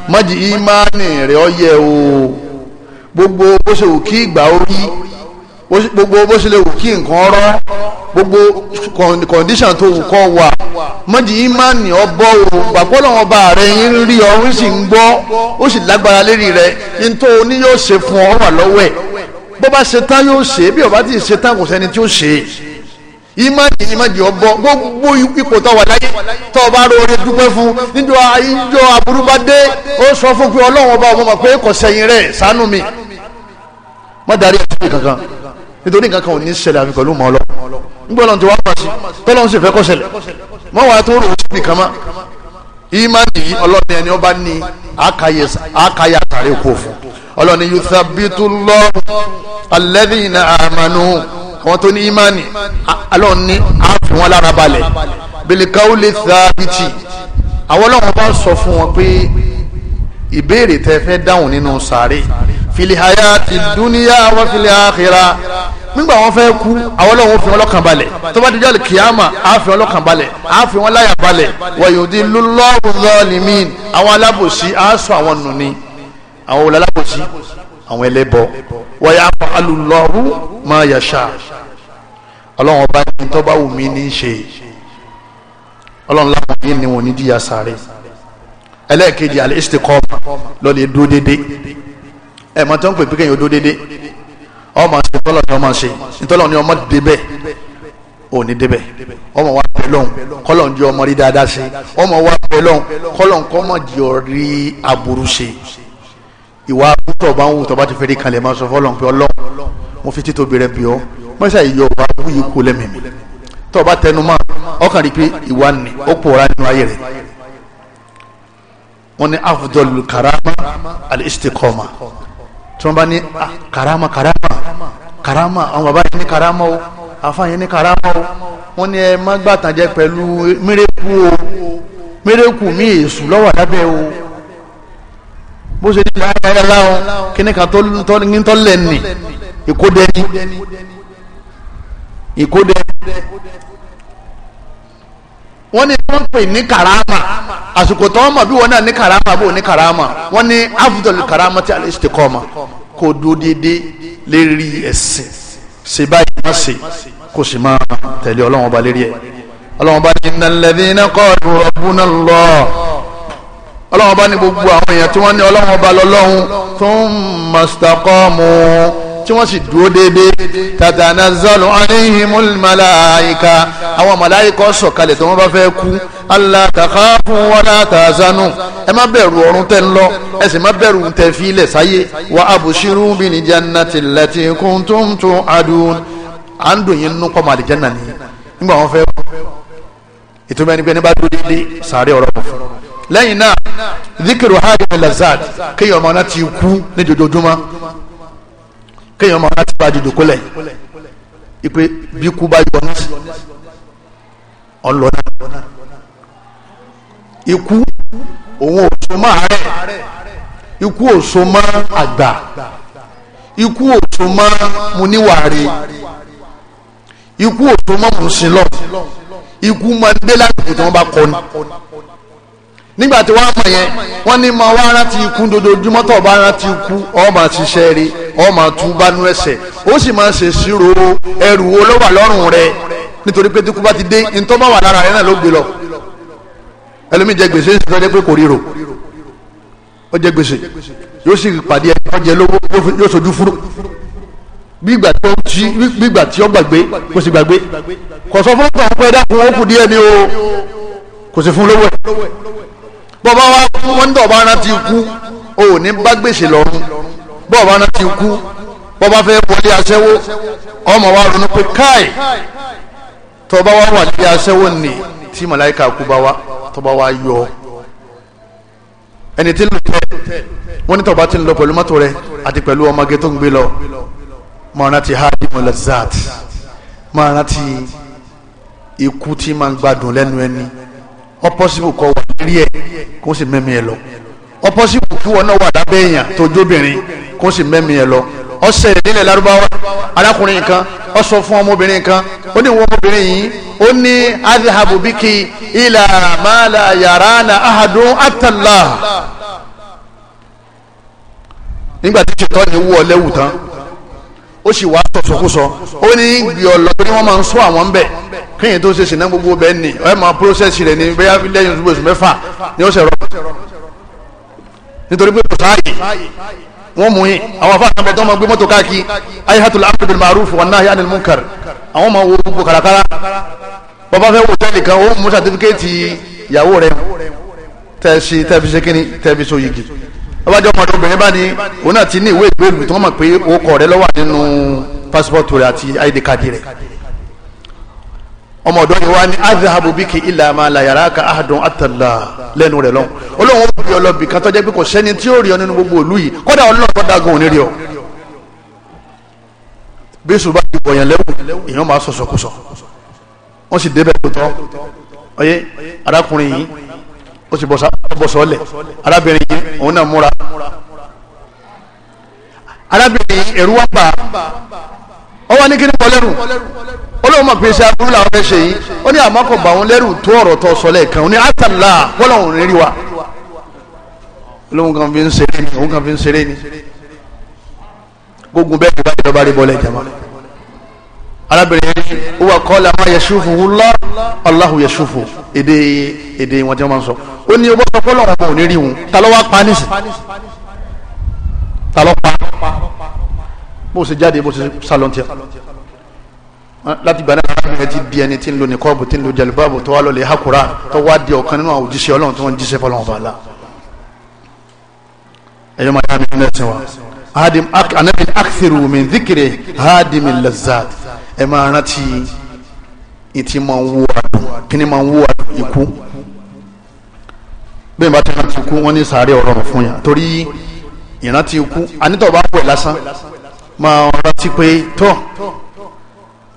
májì imani rẹ ọ yẹ o gbogbo bó ṣe wù kí ìgbà orí gbogbo bó ṣe lè wù kí nǹkan rọ gbogbo kọ̀ǹdíṣàn tó wù kọ́ wà mọ́jì ìmánì ọbọ̀ o gbàgbọ́ lọ́wọ́ bá rẹ ń rí ọ ń sì ń gbọ́ ó sì lágbára lérí rẹ ní tó ní yóò ṣe fún ọ wà lọ́wọ́ ẹ̀ bó bá ṣe tán yóò ṣe bí ó bá ti ṣe tán kò sẹ́ni tí ó ṣe ìmánì ni mọ́jì ọbọ̀ gbogbo ipò tó wà láyé tó bá rọrẹ dúpẹ́ fún níjọ ìjọ aburú bá dé ó sọ fún pé ọlọ́wọ́ bá ọmọ mọ̀ pé kò nítorí nǹkan kan ò ní ṣẹlẹ̀ àfi pẹ̀lú mọ́ ọlọ́run nígbà ọlọ́run ti wá pàṣẹ tọ́lọ́run sì fẹ́ kó ṣẹlẹ̀ mọ́ wàá tó rò ó síbi kan mọ́ ìmánì yìí ọlọ́run ẹni ọba ní àkàyà àtàrí òkú òfin ọlọ́run ni yuthabitu llahu alladhina amanu àwọn tó ní ìmánì ọlọ́run ní àfi wọn lára balẹ̀ bilikawuli thabiti àwọn ọlọ́run bá sọ fún wọn pé ìbéèrè tẹ fẹ́ dáhùn nínú sàárè filihaya ti dúníyà wọ́n filihaya xira nígbà wọn fẹ́ kú àwọn ọlọ́run fi wọn lọ́kàn balẹ̀ tó bá dijọ́ kìyàmà á fi wọn lọ́kàn balẹ̀ á fi wọn láyà balẹ̀ wọ̀nyòdì lọ́wọ́ lọ́ọ̀lìmín àwọn alábòsí á sọ àwọn nù ni àwọn olè alábòsí àwọn ẹlẹ́bọ wọ̀nyà alùlọ́rù máa yàṣà ọlọ́run ọba ní tó bá wù mí ní í ṣe ọlọ́run láwọn yìí ni wọn ní díyà sáré ẹlẹ́ẹ̀kejì alẹ́ ẹ̀ mọ̀ tó ń pè pé kéèyàn ó dó déédéé ọmọ ṣe tọ́lọ̀ ni ọmọ ṣe nítọ́lọ̀ ni ọmọ débẹ̀ ò ní débẹ̀ ọmọ wa bẹ̀ lọ́hùn kọ́lọ̀ ń jẹ́ ọmọ rí dáadáa ṣe ọmọ wa bẹ̀ lọ́hùn kọ́lọ̀ ń kọ́mọ̀ jẹ́ ọ rí aburú ṣe ìwà àbúrò bá ń wù tó bá ti fẹ́ rí máa sọ fọ́lọ́n pé ọlọ́run mo fi títóbi rẹ bí ọ mọ́ṣá ìyọ ọba àbúrò yìí kú lẹ́mìí mi bá tẹnu mọ́ ọkàn rí pé ìwà ni ó pòórá nínú ayé rẹ̀ wọ́n ní afdol karama al tí ni bá ah, karama karama karama àwọn bàbá yẹn ní karama o àfa yẹn ní karama o wọ́n ní ẹ má gbàtànjẹ pẹ̀lú mérekù o mérekù mi èṣù lọ́wọ́ lábẹ́ o bó ṣe ní ayẹyẹ láwọn kíní kan tó ní tó lẹ́ni ìkódẹni ìkódẹni wọ́n ní wọ́n pè ní karama àsìkò tó wọ́n mọ̀ bí wọ́n náà ní karama bó ní karama wọ́n ní afdal karama ti al-istiqama kò dúró déédéé lérí ẹ̀sìn ṣe báyìí má ṣe kò sì máa tẹ̀lé ọlọ́run ọba lérí ẹ̀ ọlọ́run ọba ní innal ladhina qalu rabbuna Allah ọlọ́run ọba ní gbogbo àwọn èèyàn tí wọ́n ní ọlọ́run ọba lọ́lọ́run thumma istaqamu tí wọ́n sì dúró déédéé tatanazzalu alayhimul malaika àwọn màláìka sọ̀kalẹ̀ tí wọ́n bá fẹ́ kú alla takhafu wala tahzanu ẹ má bẹ̀rù ọ̀run tẹ́ ń lọ ẹ sì má bẹ̀rù tẹ́ fi ilẹ̀ sáyé wa abshiru bil jannati allati kuntum tu'adun à ń dùn yín nú pọ̀ màlìjẹ́ nà ní nígbà wọn fẹ́ kú ètò mẹ́rin pé ní bá dúró déédéé sàárẹ̀ ọ̀rọ̀ fún lẹ́yìn náà zikiru kéèyàn máa rántí bá jòjò kólẹ̀ ipe bí kú bá yọ náà ọlọ́nà ikú òun ò so mọ́ àárẹ̀ ikú ò so mọ́ àgbà ikú ò so mọ́ mu níwàárí ikú ò so mọ́ mu sílọ̀ ikú máa ń dé láti kò bá kọ́ ni nígbà tí wọ́n mọ̀ yẹn wọ́n ní ma wá rántí ikú dojoojúmọ́ tó bá rántí ikú ó máa ṣiṣẹ́ rí ó máa tú bánú ẹsẹ̀ ó sì máa ṣe ṣírò ẹrù wo ló wà lọ́rùn rẹ nítorí pé tí kú bá ti dé ntọ́ bá wà lára rẹ náà ló gbé lọ ẹlòmíì jẹ gbèsè ìṣẹ́ jẹ́ pé kò ríro ó jẹ gbèsè yóò sì pàdé ẹni tó jẹ lówó yóò sojú fúrú bígbà tí ó gbàgbé kò sì gbàgbé kò sọ fún ọkọ̀ ọ̀pẹ́ dákun ó kù díẹ̀ ni o kò sì fún lówó ẹ̀ bọ́ọ̀bá wa kú wọ́n ní bọ́ọ̀bá náà ti kú o ò ní bá gbèsè lọ́rùn bọ́ọ̀bá náà ti kú bọ́ọ̀bá fẹ́ wọlé aṣẹ́wó ọmọ wa ronú pé káì tọ́ba wa wà lé aṣẹ́wó ni tí màláìka kú bá wa tọ́ba wa yọ ẹni tí ń lò tẹ́ wọ́n ní tọ́ba ti ń lọ pẹ̀lú mọ́tò rẹ̀ àti pẹ̀lú ọmọge tó ń gbé lọ mọ̀ọ́nà ti há bí mọ̀ọ́nà ti zat mọ̀ọ́nà ti ikú tí máa ń gbádùn lẹ́nu ẹni ọpọsibu kọ wà lórí ẹ kó o sì mẹ́mi ẹ lọ ọpọsibu kí wọn náà wà lábẹ́ èèyàn tó jóbìnrin kó o sì mẹ́mi ẹ lọ ọsẹ nílẹ̀ Lárúbáwá arákùnrin kan ó fún ọmọbìnrin kan ó ní wọn ọmọbìnrin yìí ó ní adhabu biki ila ma la yarana ahadun atala nígbà tí ṣètọ́ ni wú ọ lẹ́wù tán ó sì wá sọ̀sọ̀kúsọ ó ní gbì ọ lọ ní wọ́n máa ń sọ àwọn bẹ́ẹ̀ kéèyàn tó ṣe sìnà gbogbo bẹ́ẹ̀ ni ẹ máa pírọ́sẹ̀sì rẹ̀ ní bẹ́ẹ̀ lẹ́yìn oṣù oṣù mẹ́fà ni ó ṣe rọ nítorí pé kò sáàyè wọ́n mú yín àwọn afáàkà bẹ̀ tó máa gbé mọ́tò káàkiri ayhatul amr bil ma'ruf wa nahy anil munkar àwọn máa wo gbogbo kàràkàrà bàbá fẹ́ wò tẹ́lẹ̀ kan ó mú sàtífíkẹ́ẹ̀tì ìyàwó rẹ̀ tẹ̀sí tẹ̀fíṣẹ́kínní tẹ̀fíṣọ́ yìí ọbàjọ́ ọmọdé obìnrin bá ní òun náà ti ní ìwé ìgbélú tí wọ́n mọ̀ pé orúkọ rẹ̀ ló wà nínú pásítọ̀tù rẹ̀ àti id card rẹ̀ yìí wá ní adhabu bíkì ilà máa la yàrá ka ahadùn àtàlà lẹ́nu rẹ̀ lọ́hùn olóhùn ó bí ọlọ́bì kan tọ́jú pé kò sẹ́ni tí ó rí ọ nínú gbogbo òlú yìí kọ́dà ọlọ́run dágun òní rí ọ bí sùn ó sì bọ́ sọ́ọ̀lẹ̀ arábìnrin yìí òun náà múra arábìnrin yìí ẹ̀rú wá bà ó wá ní kí ni bọ́ lẹ́rù olóhùn mọ̀ pé iṣẹ́ aburú làwọn fẹ́ ṣe yìí ó ní àmọ́ kò bà wọ́n lẹ́rù tó ọ̀rọ̀ tó sọ lẹ́ẹ̀kan ó ní àtàlà bọ́lọ̀hún rírí wa olóhùn kan fi ń ṣeré ni òun kan fi ń ṣeré ni gbogbo bẹ́ẹ̀ ni bá ìjọba rí bọ́lẹ̀ jama arábìnrin yẹn ó wà kọ́ làwọn yasufu ńlá Allahu yasufu èdè èdè wọn tí wọ́n máa ń sọ ó ní ọgbọ́n sọpọ́ lọ́wọ́ wọn ò ní rí wọn ta ló wá pa nísì ta ló pa bó ṣe jáde bó ṣe salontiẹ láti gbà náà ẹ ti bí ẹni tí ń lo nìkọ́ọ̀bù tí ń lo jàlùbáàbù tó wá lọ hakura tó wá di ọ̀kan nínú àwọn òjíṣẹ́ ọlọ́run tí wọ́n jíṣẹ́ fọlọ́run fàlà ẹ máa rántí ìtì máa ń wó àdùn kíní máa ń wó àdùn ikú bẹ́ẹ̀ bá ti rántí ikú wọ́n ní sàárẹ̀ ọ̀rọ̀ fún yà torí ìrántí ikú anítọ̀ bá wẹ̀ lásán máa rántí pé tọ́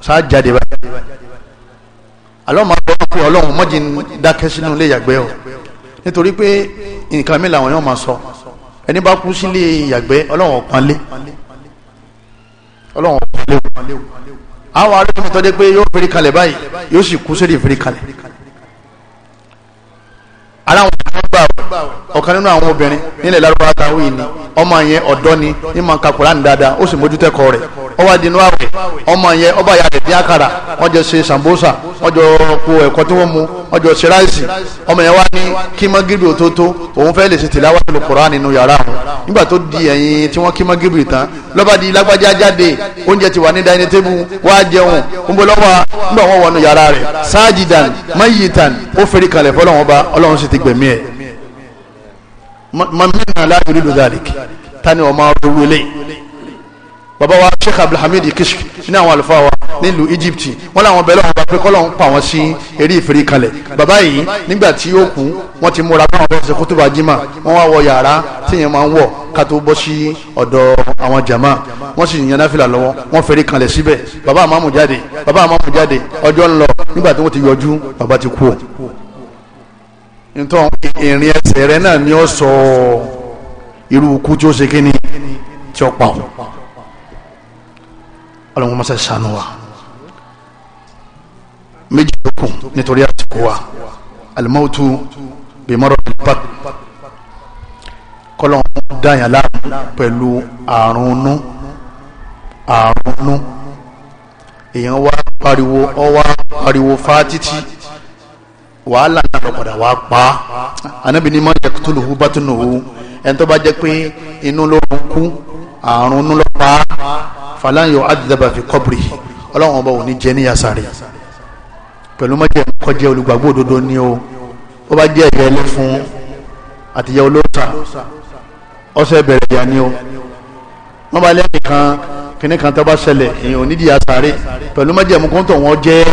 sáà jáde báyìí àlọ́ máa bọ́ pé ọlọ́run mọ́jì ń dákẹ́ sínú ilé ìyàgbẹ́ o nítorí pé nǹkan mi làwọn yóò máa sọ ẹni bá kú sílé ìyàgbẹ́ ọlọ́run ọ̀pánlé ọlọ́run ọ̀pánlé o àwọn arúgbó tó dé pé yóò fèrè kalẹ̀ báyìí yóò sì kú sórí ìfèrè kalẹ̀ ara àwọn ọmọ gbà ọ̀kan nínú àwọn obìnrin nílẹ̀ lárúbáwá táwọn yìí ni ọmọ yẹn ọ̀dọ́ ni ní máa ń dáadáa ó sì mójútẹ́kọ̀ọ́ rẹ̀ ọwọ́ àdínú àwẹ̀ ọmọ yẹn ọba ya rẹ̀ dín àkàrà wọ́n jọ ṣe sàmbósà wọ́n po ẹ̀kọ́ tí wọ́n mu wọ́n jọ ṣe ráìsì ọmọ yẹn wá ní kí mọ́gìrì tó tó òun fẹ́ lè ṣe tìláwà lọ Kùránì nínú yàrá wọn nígbà tó di ẹ̀yìn tí wọ́n kí mọ́gìrì tán lọ́ba di lágbájá jáde oúnjẹ ti wà ní dining table wá jẹun ń bọ́ lọ́wọ́ nígbà wọn wọnú yàrá rẹ̀ sáàjìdàn mayitan ó fẹ́rí kalẹ̀ fọlọ́wọn bàbá wa sheikh abdulhamid kishki ní àwọn àlùfáà wa nílùú egypt wọn làwọn bẹ̀rẹ̀ wọn bá pé kọ́lọ́hún pa wọn sí eré ìfèrè kalẹ̀ bàbá yìí nígbà tí ó kú wọn ti múra báwọn fẹsẹ̀ kútùbà jimá wọn wá wọ yàrá tíyẹn máa ń wọ̀ ká tó bọ́ sí ọ̀dọ̀ àwọn jama wọn sì yànnà fìlà lọ́wọ́ wọn fèrè kalẹ̀ síbẹ̀ bàbá àmàmù jáde bàbá àmàmù jáde ọjọ́ ń lọ nígbà tí wọ́n ti yọjú bàbá ti kú nítorí ìrìn ẹsẹ̀ rẹ náà ni ó sọ ọlọ́run mọ́sẹ̀ sànú wa méjì ló kù nítorí àsìkò wa alimọ́tò bímọ́rọ̀ nípa kọ́lọ́run dáyà láàmú pẹ̀lú àrùn nú àrùn nú èèyàn wá pariwo ọwá pariwo fátítì wàhálà náà lọ padà wá pa anábì ní mọ́jẹ́ tó lòwú ẹni tó bá jẹ́ pé inú ló kú àrùn nú falan yu'adhdhaba fi qabri ọlọ́run ọba ò ní jẹ níyà sáré pẹ̀lú mọ́jẹ́ kọjá olùgbàgbọ́ òdodo ni o ó bá jẹ́ ẹ̀yẹ ilé fún àtìyẹ olóòsà ọsẹ bẹ̀rẹ̀ ìyá ni o wọ́n bá lẹ́yìn kan kíní kan tó bá ṣẹlẹ̀ èèyàn ò ní jìyà sáré pẹ̀lú mọ́jẹ́ mú kóńtò wọn jẹ́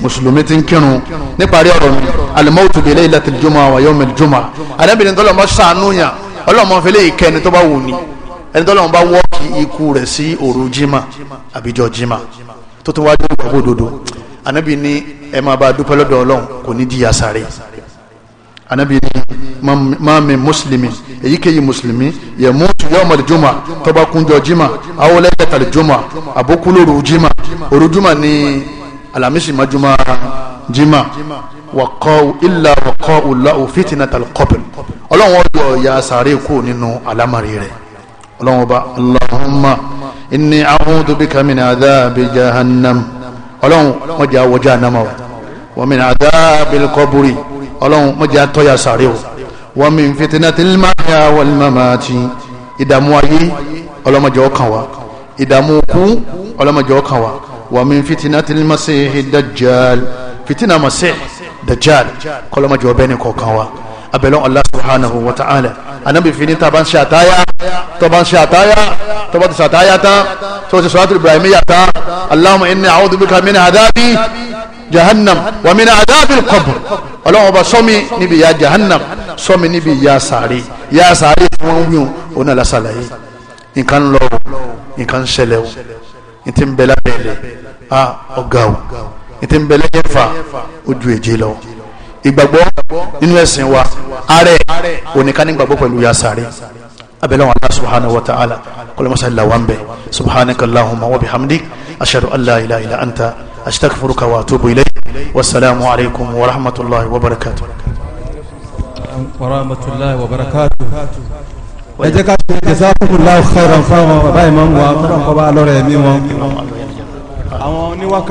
mùsùlùmí ti ń kírun níparí ọ̀rọ̀ mi alimọ́tò bíi lẹ́yìn látìlì jùmọ̀ àwọn yọ̀ọ́mẹ̀lì jùmọ̀ àdébìnrin tó lọ́mọ sànú yàn ọlọ́mọ tó bá wù ní ẹni tó lọ́wọ́ bá wọ́ ikú rẹ̀ sí òru jimá àbíjọ jimá tó tún wájú ìgbàgbọ́ òdodo anabi ni ẹ máa bá dúpẹ́ lọ́dọ̀ ọlọ́run kò ní jìyà sáré anabi ni máa mi mùsùlùmí èyíkéyìí mùsùlùmí yẹ mọ́tò yọmọ jùmọ̀ tọba kúnjọ jimá awolẹ́yẹ tàlẹ̀ jùmọ̀ àbókú lóru jimá òru jimá ni alamisi majuma jimá wakọ ilà wakọ ula òfitinata kọpẹ ọlọ́run ọjọ́ ya sáré kú nínú alámàrí rẹ̀ ọlọ́run ọba allahumma inni a'udhu bika min adhabi jahannam ọlọ́run mọ̀jà wọ jahannama o wa min adhabi al-qabri ọlọ́run mọ̀jà tọ́yà sàrẹ́ o wa min fitnatil mahya wal mamati ìdààmú ayé ọlọ́mọdé ọkàn wa ìdààmú kú ọlọ́mọdé ọkàn wa wa min fitnatil masihi dajjal fitina masihi dajjal kọlọ́mọdé ọbẹ̀ ní kọ̀ọ̀kan ní tàbá ń ṣe àtáyà tọba ń ṣe àtáyà tọba ti ṣe àtáyà tán tó ti sọ́látù ibrahimiyya tán allahumma inni a'udhu bika min adabi jahannam wa min adabi al-qabr ọlọ́run ọba sọ́mi níbi ìyá jahannam sọ́mi níbi ìyá sàárè ìyá sàárè tí wọ́n wíwọ̀n òun àlá sàlàyé nǹkan ń lọ o nǹkan ń ṣẹlẹ̀ o n ti ń bẹ lábẹ́lẹ̀ a ọ̀gá o n ti ń bẹ lẹ́yìn fa ojú èjì lọ ìgbàgbọ́ nínú ẹ̀sìn wa ààrẹ òníkan nígbàgbọ́ pẹ̀lú ìyá sàárè أبلغ الله سبحانه وتعالى كل مسألة لوامبه سبحانك اللهم وبحمدك أشهد أن لا إله إلا أنت أستغفرك وأتوب إليك والسلام عليكم ورحمة الله وبركاته ورحمة الله وبركاته ويجاك جزاكم الله خيرا فاما بايمان وامرا فبالو ريمي مو اوني أمم، أمم، أمم.